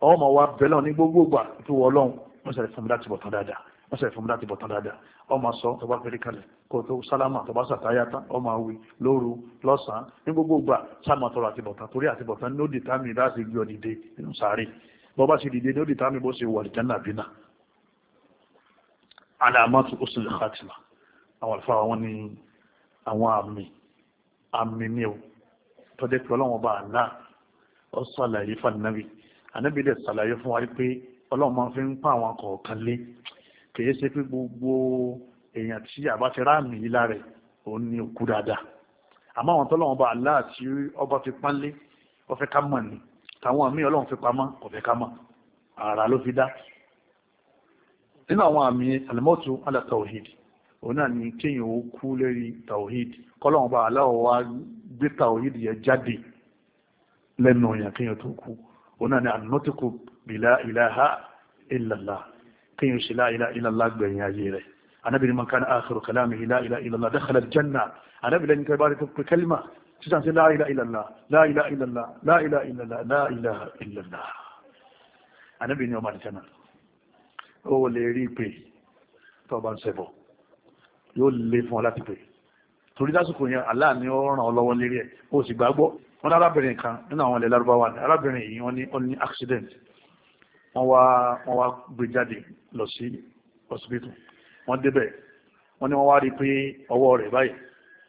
ọmọ wa bẹ̀lọ́ ní gbogbo gbà tó wọ ọlọ́run wọ́n sẹ̀rẹ̀ fún mi láti bọ̀ tán dáadáa wọ́n sẹ̀rẹ̀ fún mi láti bọ̀ tán dáadáa ọmọ sọ tó bá fẹ́rí kalẹ̀ kó tó sálámà tó bá sàtáyà tán ọmọ awi bó ṣe wà lìjánà bínà alamatu usul khatima àwọn alfa wọn ni àwọn àmì àmì ni o tọ́jẹ́ pé ọlọ́run bá àlá ọ sàlàyé fanabi ànábì dẹ̀ sàlàyé fún wa pé ọlọ́run máa fi ń pa àwọn kọ̀ọ̀kan lé kìí ṣe pé gbogbo èèyàn tí àbá ti ráàmì yìí lára ẹ̀ òun ni òkú dáadáa àmọ́ àwọn tọ́lọ́run bá àlá àti ọba fi pánlé ọfẹ́ ká mọ̀ ni tàwọn àmì ọlọ́run fi pamọ́ kò fẹ́ ká mọ̀ àrà ló fi dá nínú àwọn àmì àlùmọ́tò ala tawhid òun náà ni kéèyàn ó kú lérí tawhid kọ́lọ́wọ́n bá aláwọ̀ wá gbé tawhid yẹn jáde lẹ́nu yẹn kéèyàn tó kú òun náà ni ànọ́tìkù bìlá ìlàhà ìlàlá kéèyàn ṣe láìlá ìlàlá gbẹ̀yìn ayé rẹ̀ anábìrin man kana akhiru kalamihi la ilaha illallah dakhala aljanna anábìrin nǹkan ìbára tó pe kálímà títà sí la ilaha illallah la ilaha illallah la ilaha illallah la ilaha illallah anábìrin ó lè rí pè tó bá ń ṣẹbọ yóò lè fún ọ láti pè torí lásìkò yẹn Allah ni ó ràn ọ lọ́wọ́ lérí ẹ̀ ó sì gbàgbọ́ wọn arábìnrin kan nínú àwọn ilẹ̀ lárúbáwá ni arábìnrin yìí wọ́n ní ó ní accident wọ́n wá wọ́n wá gbé jáde lọ sí hospital wọ́n débẹ̀ wọ́n ní wọ́n wá rí pé ọwọ́ rẹ̀ báyìí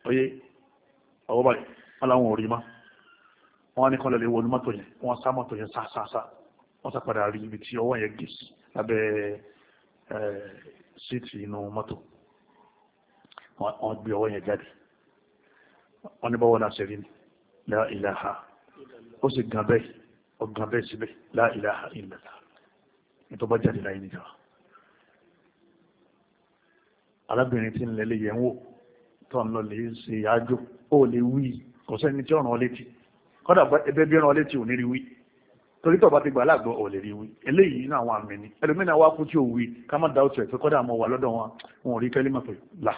oyé ọwọ́ báyìí wọ́n láwọn ò rí mọ́ wọ́n ní kọ́ lọ́lẹ̀ wọnú mọ́tò yẹn wọ́n sá mọ́tò yẹn sá sá sá padà rí ibi tí ọwọ́ yẹn gé sí abẹ síìtì inú mọ́tò wọ́n gbé ọwọ́ yẹn jáde wọ́n ní bọ́wọ́ náà ṣe rí ni láìláha ó sì gan bẹ́ẹ̀ ọ̀gàn bẹ́ẹ̀ síbẹ̀ láìláha ìlàlá ìtọ́bá jáde láì níjà arábìnrin tí ń lẹ́lẹ́ yẹn wò tó ń lọ lè ṣe àjò ó lè wí kò sẹ́ni tí ọ̀ràn ọ létí kọ́dà torí tọba ti gbà láàgbọ ò lè rí wí eléyìí inú àwọn àmì ni ẹlòmínà wa kú tí ò wí ká má da ọtí ẹ pé kọ́dà mọ̀ wà lọ́dọ̀ wọn wọn ò rí kẹ́lí mọ̀ pé là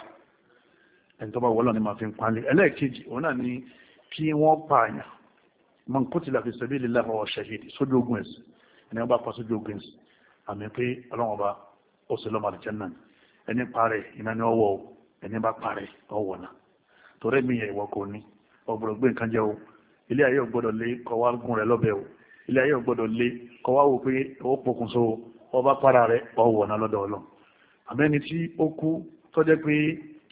ẹni tọ́ba wọ́lọ́ ni màá fi ń panlé ẹlẹ́ẹ̀kejì òun náà ni kí wọ́n pààyàn man qutila fi sabilillah wa shahid sójú ogun ẹ̀sìn ẹni wọ́n bá pa sójú ogun ẹ̀sìn àmì pé ọlọ́wọ́n bá ó sì lọ́mọ mi yẹ ìwọ kò ní ọgbọ̀dọ̀ gbé nǹkan jẹ́ o ilé ayé ilé ayé ọgbọ́dọ̀ lé kọ́ wá wò pé ó pokùnso ọba para rẹ̀ ọwọ́ náà lọ́dọ̀ ọlọ́run àmẹ́ni tí ó kú tọ́jẹ́ pé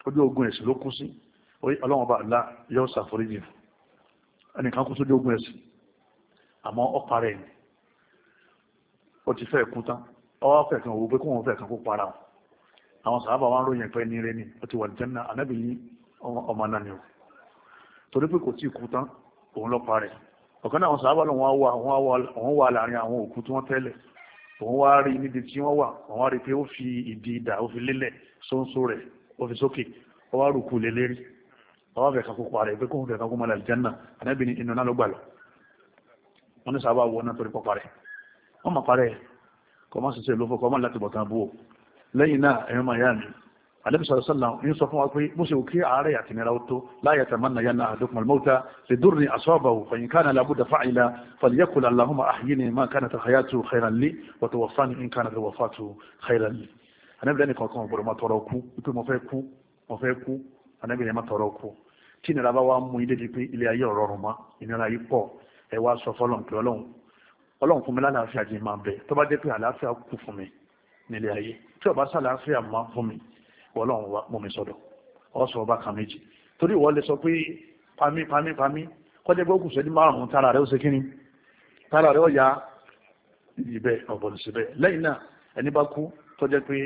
ojú ogun ẹ̀sìn ló kú sí ọlọ́run ọba àlá yóò ṣàforíjì ẹnìkan kú sójú ogun ẹ̀sìn àmọ́ ọ̀pá rẹ̀ ni ó ti fẹ́ kú tán ọwọ́ fẹ́ kan òwò pé kóun fẹ́ kan kó para wọn àwọn sàábà wọn ròyìn pé ní rẹ ni ó ti wà ní jẹ́nà ànábì ní ọmọ náà ni ó torí pé kò tí ì kú tán òun lọ́pàá rẹ̀ ọ̀kan náà sábà lọ wọ́n wà wọ́n wà láàrin àwọn òkú tí wọ́n tẹ́lẹ̀ òun wá rí níbi tí wọ́n wà wọ́n wá rí pé ó fi ìdí ìdà ó fi lélẹ̀ sóńsó rẹ̀ ó fi sókè ó wá rùkú lé lérí ó wá fẹ́ pé kóhun fẹ́ kó mọ́lá àlìjánà ànábì inú náà ló gbà lọ wọ́n ní sábà wọ náà torí pọ́pa rẹ̀ wọ́n mọ̀ parẹ́ kọ́ mọ́ sí ìlú fọ́kọ́ mọ́ láti bọ̀ tán lẹ́yìn náà ẹ̀yọ́ máa yá mi alẹ́bìsọ̀rọ̀ sọ́lá ń sọ fún wa pé bó ṣe òkè ààrẹ àti ìnira ó tó láyé tàmánà yánà àdókùnmọ̀ mọ́ta lè dúró ní asọ́bàwò fẹ̀yìn kánà làbúdà fáìlà fàlìyàkùlà aláhùnmọ̀ àhíyìn máa kánà tàkàyàtù xẹ́rànlé wàtò wàfà ní kánà tó wàfà tó xẹ́rànlé. anábìrẹ́ ni kankan gbọ́dọ̀ máa tọrọ kú wípé mo fẹ́ kú mo fẹ́ kú anábìrẹ́ máa tọrọ kú tí ìnira bá wà mú ilé di pé ilé ayé ọ̀rọ̀ rùn Ọlọ́run wa mú mi sọ́dọ̀ ọ̀sọ̀ ọba kan méjì torí ìwọ lè sọ pé pami pami pami kọ́jẹ́ gbọ́ kùsọ̀ márùn-ún tára rẹ̀ ó ṣe kíni tára rẹ̀ ó ya ìbẹ̀ ọ̀bọ̀n síbẹ̀ lẹ́yìn náà ẹni bá kú tọ́jẹ́ pé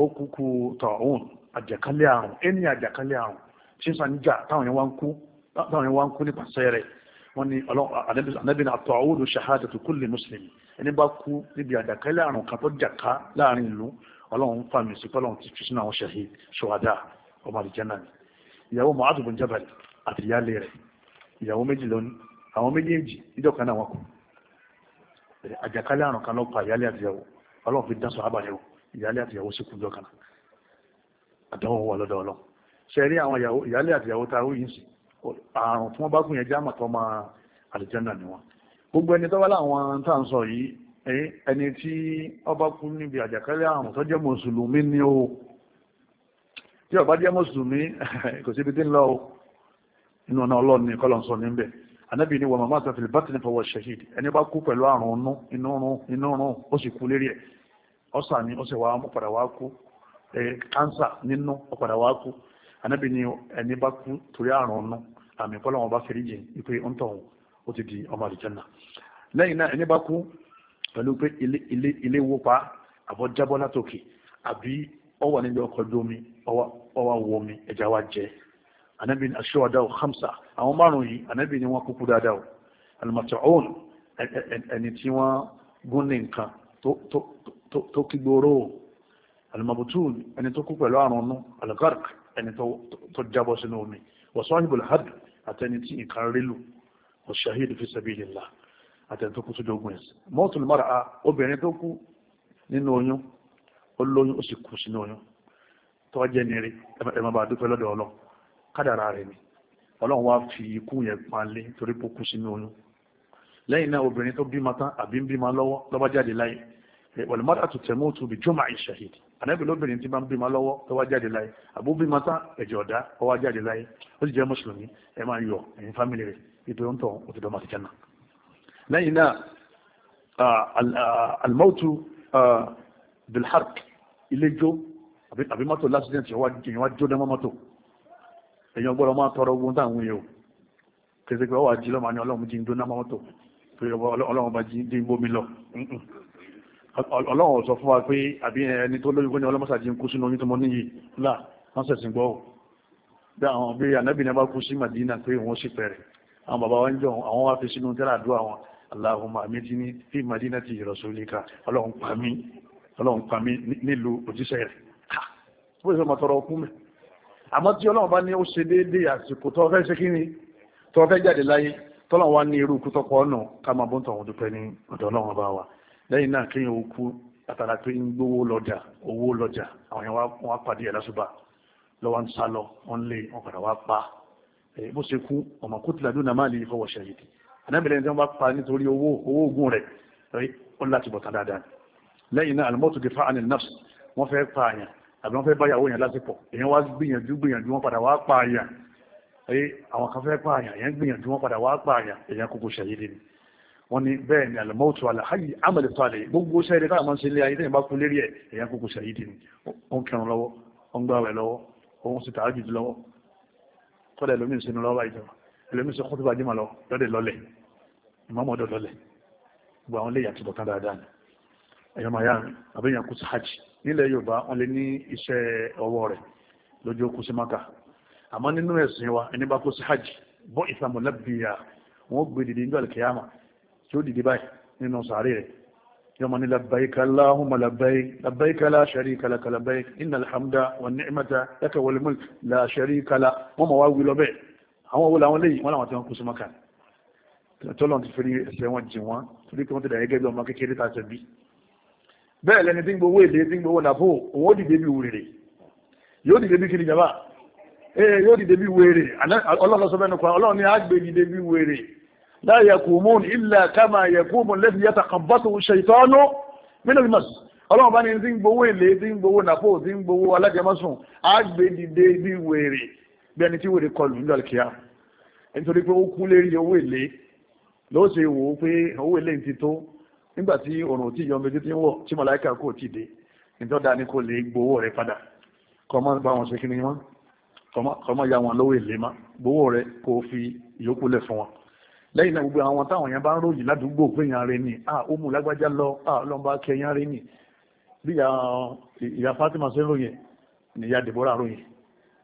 ó kúkú tọ̀hún àjàkálẹ̀ àrùn ẹni àjàkálẹ̀ àrùn sísan níjà táwọn yẹn wá ń kú nípasẹ̀ rẹ̀ wọ́n ní anábìnrin àtọ̀hún ṣahadatu kulli muslim ẹni bá kú níbi àjàkálẹ̀ àrùn kan tó jàká láàrin ìlú ọlọ́run ń fà mí sí pọ́lọ́run ti fi sínú àwọn ṣahid ṣọ́wádà ọmọ àdìjẹ́nà ni ìyàwó Mu'adh bin Jabal àti ìyáálé rẹ̀ ìyàwó méjì lónìí àwọn méjèèjì ìjọkan náà wọn kù àjàkálẹ̀ àrùn kan lọ́pàá ìyáálé àtìyàwó ọlọ́run fi dá sọ abàyẹ̀wò ìyáálé àtìyàwó sì kú jọkan àdánwò wà lọ́dọ̀ ọlọ́run ṣe rí àwọn ìyáálé àtìyàwó ta ó yìí sí àrùn tí wọ́n bá gùn yẹn jámà tó máa àlìjẹ́nà ni wọn gbogbo ẹni tó wá láwọn tá à ń sọ yìí Eh, ẹni tí ọba kú níbi àjàkálẹ̀ àrùn tó jẹ́ mùsùlùmí ni o tí ọba jẹ́ mùsùlùmí kò síbi tí ń lọ o inú ọ̀nà ọlọ́run ní ń sọ níbẹ̀ anábì ni wọ́n máa tẹ̀ fìlì bátìní fọwọ́ ṣẹ̀hìd ẹni bá kú pẹ̀lú àrùn inú rún inú rún ó sì kú lérí ẹ̀ ọ̀sà ni ó sì wá mú padà wá kú kánsà eh, nínú ó padà wá kú anábì ni ẹni bá kú torí àrùn inú àmì kọ́lọ̀ wọn bá fẹ́rí ipe ń tọ̀hún ó ti di ọmọ àlùjànnà lẹ́yìn náà ẹni bá kú pẹ̀lú pé ilé wó pa àbọ̀ jábọ́ látòkè àbí ọ wà nílé ọkọ̀ lómi ọwà wọmi ẹja wa jẹ anabi aṣọ́wádà ò hamsa àwọn márùn yìí anabi ni wọ́n kúkú dáadáa ò alimọ̀tàún ẹni tí wọ́n gún ní nǹkan tó kígbóró alimọ̀bùtún ẹni tó kú pẹ̀lú àrùn nú algark ẹni tó jábọ́ sínú omi wọ́n sọ́hìbùl had àtẹni tí nǹkan rílù wọ́n ṣahid fi sabilillah àtẹ̀yìn tó kú sójú ogun ẹ̀sìn mọ́tò lè mọ́ra obìnrin tó kú nínú oyún ó lóyún ó sì kú sínú oyún tó wá jẹ́ nire ẹ̀mọ́ bá dúpẹ́ lọ́dọ̀ ọlọ́ kádàrá rẹ̀ ni ọlọ́run wá fi ikú yẹn panlé torí pé ó kú sínú oyún lẹ́yìn náà obìnrin tó bímọ tán àbí ń bímọ lọ́wọ́ lọ́ba jáde láyé wọ̀lùmọ́tò àtútẹ̀mọ́ tó bí jọ́mà ìṣẹ̀hìn ànábì lóbìnrin tí bá ń bímọ lọ́wọ́ tó wá jáde láyé àbú bímọ tán ẹ̀jẹ̀ ọ̀dá ó wá jáde láyé ó sì jẹ́ mùsùlùmí ẹ máa yọ ẹ̀yin fámìlì rẹ̀ ìpè ń tọ̀ òtítọ́ máa ti jẹ́ náà lẹ́yìn náà almautu bilhark ilé-ijó àbí mọ́tò lásìdẹ́ntì èèyàn wá jó dẹ́mọ́ mọ́tò èèyàn gbọ́dọ̀ máa tọrọ ogun táwọn èèyàn kèsè pé ọwà jí lọ́mà ní ọlọ́run jí ń dóná mọ́tò pé ọlọ́run bá jí dín bómi lọ ọlọ́run sọ fún wa pé àbí ẹni tó lóyún kó ní ọlọ́mọ́sà jí ń kú sínú oyún tó mọ́ níyì là wọ́n sẹ̀sìn gbọ́ bí àwọn bí anábìnrin bá kú sí Madina pé wọ́n sì pẹ̀rẹ̀ àwọn bàbá wa jọ àwọn wá fi sínú tẹ́lá àdúrà wọn Allahumma amitini fi madinati rasulika ọlọ́run pa mí ọlọ́run pa mí nílùú òjíṣẹ́ rẹ̀ ká bó ṣe máa tọrọ ọkún mẹ́ àmọ́ tí ọlọ́run bá ní ó ṣe déédéé àsìkò tó fẹ́ ṣe kí ni tó fẹ́ jáde láyé tọ́lọ́run wá ní irú kútọ́ pọ̀ ọ̀nà ká máa bó ń tọ̀hún dúpẹ́ ní ọ̀dọ̀ ọlọ́run bá wa lẹ́yìn náà kéèyàn ó kú látara pé ń gbówó lọ́jà owó lọ́jà àwọn yẹn wá pàdé ẹ̀ lásùbà lọ́wọ́ ń sá lọ wọ́n lé wọn anábìlẹ̀ tí wọ́n bá pa nítorí owó owó ogun rẹ̀ rí ó láti bọ̀ta dáadáa lẹ́yìn náà alimọ́tò kìfà àni nọ́ọ̀sì wọ́n fẹ́ pa àyàn àbí wọ́n fẹ́ báyàwó yẹn lásìpọ̀ èèyàn wá gbìyànjú gbìyànjú wọ́n padà wá pa àyàn rí àwọn kan fẹ́ pa àyàn èèyàn gbìyànjú wọ́n padà wá pa àyàn èèyàn kúkú ṣàyídé ni wọ́n ní bẹ́ẹ̀ ni alimọ́tò alahayi amadi falẹ̀ gbogbo sẹ́yìn táwọn máa ń ṣe ilé ayé bá kú lérí ẹ̀ èèyàn kúkú ṣàyídé ni ó kẹrun lọ́wọ́ ó ń gbàwẹ̀ lọ́wọ́ ó ń ìmọ̀mọ́ ọ̀dọ̀dọ̀lẹ̀ gbogbo àwọn léyà tuntun kan dáadáa ni ẹ̀yọ́ maya àbẹ̀yàn kú sí hajj nílẹ̀ yorùbá wọn lè ní iṣẹ́ ọwọ́ rẹ̀ lójú okùn sí maka àmọ́ nínú ẹ̀sìn wa ẹni bá kú sí hajj bọ́ ìsàmù lábìyà wọn gbé dìde ní ọ̀lẹ̀ kìyàmà tí ó dìde báyìí nínú sàárè rẹ̀ yọmọ ní labbaik allahumma labbaik labbaik la sharika laka labbaik innal hamda wan ni'mata tọ́lọ́n ti fi ẹsẹ̀ wọn jì wọ́n torí kí wọ́n ti dàgẹ́gẹ́ bí ọmọ kékeré ta ṣe bí bẹ́ẹ̀ lẹni tí ń gbowó èlé tí ń gbowó nàbó òun ó dìde bí wèrè yóò dìde bí kiri jàmbá ee yóò dìde bí wèrè ọlọ́run sọ mẹ́nu kan ọlọ́run ni a gbé dìde bí wèrè la yakumun illa kama yakumun lẹ́sìn yàtà kan bọ́tò ṣètọ́nù mílíọ̀nù mọ́sù ọlọ́run bá ní tí ń gbowó èlé tí ń gbowó nàbó tí ń gbowó alájẹmọ́sùn a gbé dìde bí wèrè bí ẹni tí wèrè kọlù nílò àlùkìyà nítorí pé ó kú lérí owó èlé ló ṣe wò ó pé owó eléyìí ti tó nígbà tí òrùn tí yọ méjì ti ń wọ̀ tí màláìka kò ti dé nítorí dáa ni kò lè gbowó rẹ padà kọ́ máa bá wọn ṣe kí ni wọ́n kọ́ ya wọn lówó èlé má gbowó rẹ kó fi ìyókù lẹ̀ fún wọn lẹ́yìn náà gbogbo àwọn táwọn yẹn bá ń ròyìn ládùúgbò pé yàn rẹ ni ah ó mú lágbájá lọ ah ọlọ́mọba kẹyàn rẹ ni bí ìyá Fatima ṣe ròyìn ni ìyá Deborah ròyìn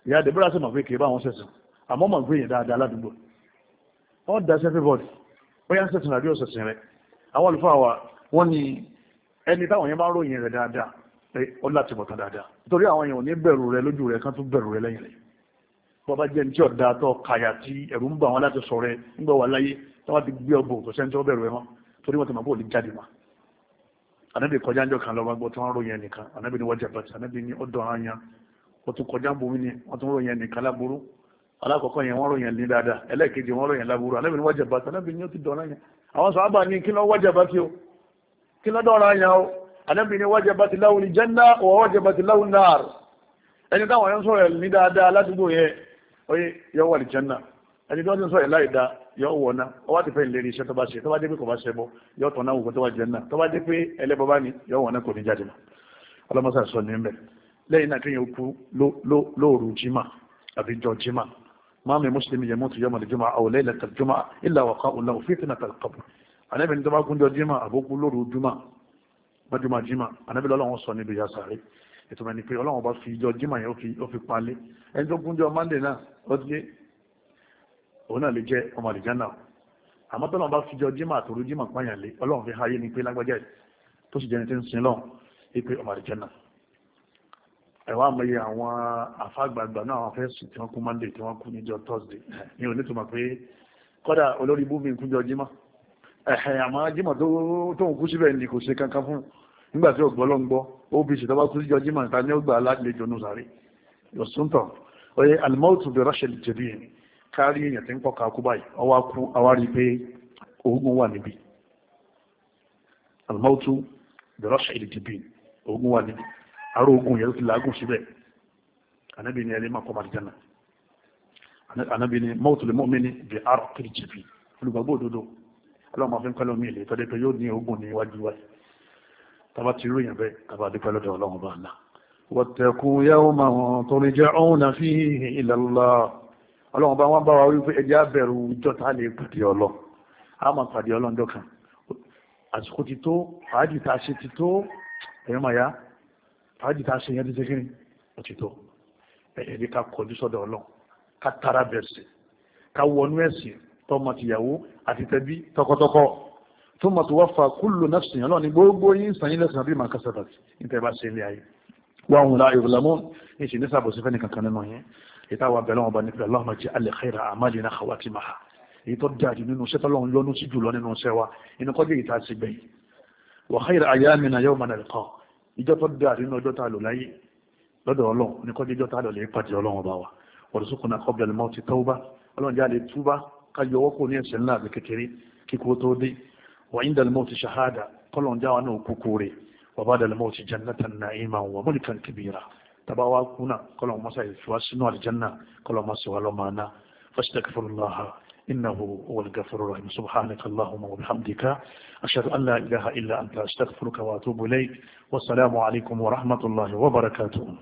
ìyá Deborah sì mọ̀ pé kì í bá wọn ṣẹ̀sùn àmọ́ mọ̀ pé yẹn dáadáa ládùúgbò wọ́n da sẹ́fẹ́ bóyá sẹ̀sìn àbí ọ̀sẹ̀sìn rẹ̀ àwọn àlùfáà wọ́n ni ẹni táwọn yẹn bá ròyìn rẹ̀ dáadáa ó láti bọ̀ta kan dáadáa nítorí àwọn èèyàn ní bẹ̀rù rẹ̀ lójú rẹ̀ kan tún bẹ̀rù rẹ̀ lẹ́yìn rẹ̀ bọ́ bá jẹ́ ní tí kàyà tí ẹ̀rù ń láti sọ rẹ̀ nígbà wà láyé ti gbé ọgbọ̀n sẹ́ni bẹ̀rù mọ́ torí wọ́n ti bó jáde ànábì kọjá ńjọ kan gbọ́ tí ni wọ́n ni ara yan ni wọ́n tún alákọ̀ọ́kọ́ yẹn wọ́n ròyìn ní dáadáa ẹlẹ́ẹ̀kejì wọ́n ròyìn láburú anábì ní wájà bàtà anábì ní ó ti dọ̀ra yẹn àwọn sàábà ní kí lọ́ wájà bàtì o kí lọ́ dọ̀ra yẹn o anábì ní wájà bàtì láwùn jẹ́nà ọ̀ wájà bàtì láwùn náàr ẹni táwọn yẹn sọ̀rọ̀ ní dáadáa aládùúgbò yẹn oye yọ wà ní jẹ́nà ẹni tó ń sọ̀rọ̀ láì dáa yọ wọ̀ ná ọwọ́ àti fẹ́ ìlérí iṣẹ́ tó bá ṣe tó bá dé pé kò bá ṣe bọ́ yọ tọ̀ náà wùkọ́ tó wà jẹ́nà tó bá dé pé ẹlẹ́bọ bá ní yọ wọ̀ ná kò ní jáde mọ́ ọlọ́mọsà sọ ní ń lẹ́yìn náà kéèyàn kú lóòrù jimá àbí jọ jimá ما من مسلم يموت يوم الجمعة أو ليلة الجمعة إلا وقاء له فتنة القبر أنا بن دبا كون دو جمعة أبو كلو جمعة ما جمعة جمعة أنا بن الله صلى الله عليه وسلم ètò mẹ́ni pé ọlọ́run bá fi ìjọ jímọ̀ yẹn ó fi palẹ̀ ẹni tó gúnjọ mọ́ndé náà ó ti yé òun náà lè jẹ́ ọmọ àlìjá náà àmọ́ tọ́lọ́run bá fi ìjọ jímọ̀ àtòrú jímọ̀ pààyàn lé ọlọ́run fi háyé ni pé lágbájá tó sì jẹ́ni tí ń sin lọ́hùn pé ọmọ àlìjá náà ẹ̀wọ́n àmọye àwọn àfágbàgbà náà àwọn afẹ́sùn tí wọ́n kú monday tí wọ́n kú níjọ thursday ní onítùmọ̀ pé kọ́dà olórí bú mi kújọ jímọ̀ ẹ̀hẹ̀ àmọ́ jímọ̀ tó ń kú síbẹ̀ ni kò ṣe kankan fún nígbà tí ògbọ́ ló ń gbọ́ obc tó bá kú síjọ jímọ̀ níta ní ó gbà alálejò nù sáré yọ̀sùntọ̀ oye alimọ́tò bí rachel jẹ̀bi yẹn kárí èèyàn tí ń pọ̀ka kú báyìí ọwọ́ akú awárí pé oògùn wà níbi alimọ́tò bí rachel jẹ̀bi oògùn wà níbi arógun yẹn ló ti làágùn síbẹ̀ anábì ni ẹni máa kọ́ máa jẹ́nà anábì ni mọ́tò lè mọ́ mi ní bí àrò kiri jìbì olùgbàgbọ́ òdodo aláwọ̀ máa fi ń kọ́lọ́ mi ilé tọ́jú pé yóò ní ogun ní iwájú wa tába ti rú yẹn bẹ́ẹ̀ tába dúpẹ́ lọ́dọ̀ ọlọ́run bá ńlá wọ́tẹ̀kù yàwó máa wọn torí jẹ́ ọ̀hún náà fi ìlàlá ọlọ́run bá wọn bá wa wípé ẹjẹ́ abẹ̀rù jọ́ta lè pàdé ọlọ́ a máa pàdé ọlọ́njọ́ kan àsìkò ti tó fàájì tá ṣe ti tó ẹ̀yọ́ fàájì tá a ṣe yẹn ti ṣe kí ni ó ti tó ẹ̀yẹ́ ní ká kọjú sọ́dọ̀ ọlọ́run ká tara bẹ̀rẹ̀ ká wọnú ẹ̀sìn tọmọ tìyàwó àti tẹbí tọkọtọkọ tó mọ̀ tó wá fa kúlò náà sìn ọlọ́run ní gbogbo yín sàn yín lẹ́sìn àbí màkà sábàtì níta ẹ̀ bá ṣe ilé ayé wọ́n ń la ìrọ̀lámọ́ ní ṣe ní sábòsí fẹ́ni kankan nínú yẹn ìta wa bẹ̀rẹ̀ wọn bá nípa Allahumma ja'al khaira a'malina khawatimaha èyí tó dájú nínú iṣẹ́ tọ́lọ́run lọ́nu sí jùlọ nínú iṣẹ́ inú kọ́jú ìta sí gbẹ̀yìn wa khaira ayyamina yawma nalqa ìjọ tó dáa nínú ọjọ́ tá a lò láyé lọ́dọ̀ ọlọ́run ní kọ́jú ìjọ tá a lò lè pàdé ọlọ́run ọba wa warzuqna qabla al-mawti tawba ọlọ́run jáde túbá ká yọ wọ́pọ̀ ní ẹ̀ṣẹ̀ ńlá àti kékeré kíkó tó dé wa inda al-mawti shahada kọ́lọ́run jáwa náà kúkú rẹ̀ wa ba'da al-mawti jannatan na'iman wa mulkan kabira tàbá wa kúnà kọ́lọ́run mọ́sá ìfúwá sínú àlìjánná kọ́lọ́run mọ́sá wà lọ́mọ إنه هو الغفور الرحيم سبحانك اللهم وبحمدك أشهد أن لا إله إلا أنت أستغفرك وأتوب إليك والسلام عليكم ورحمة الله وبركاته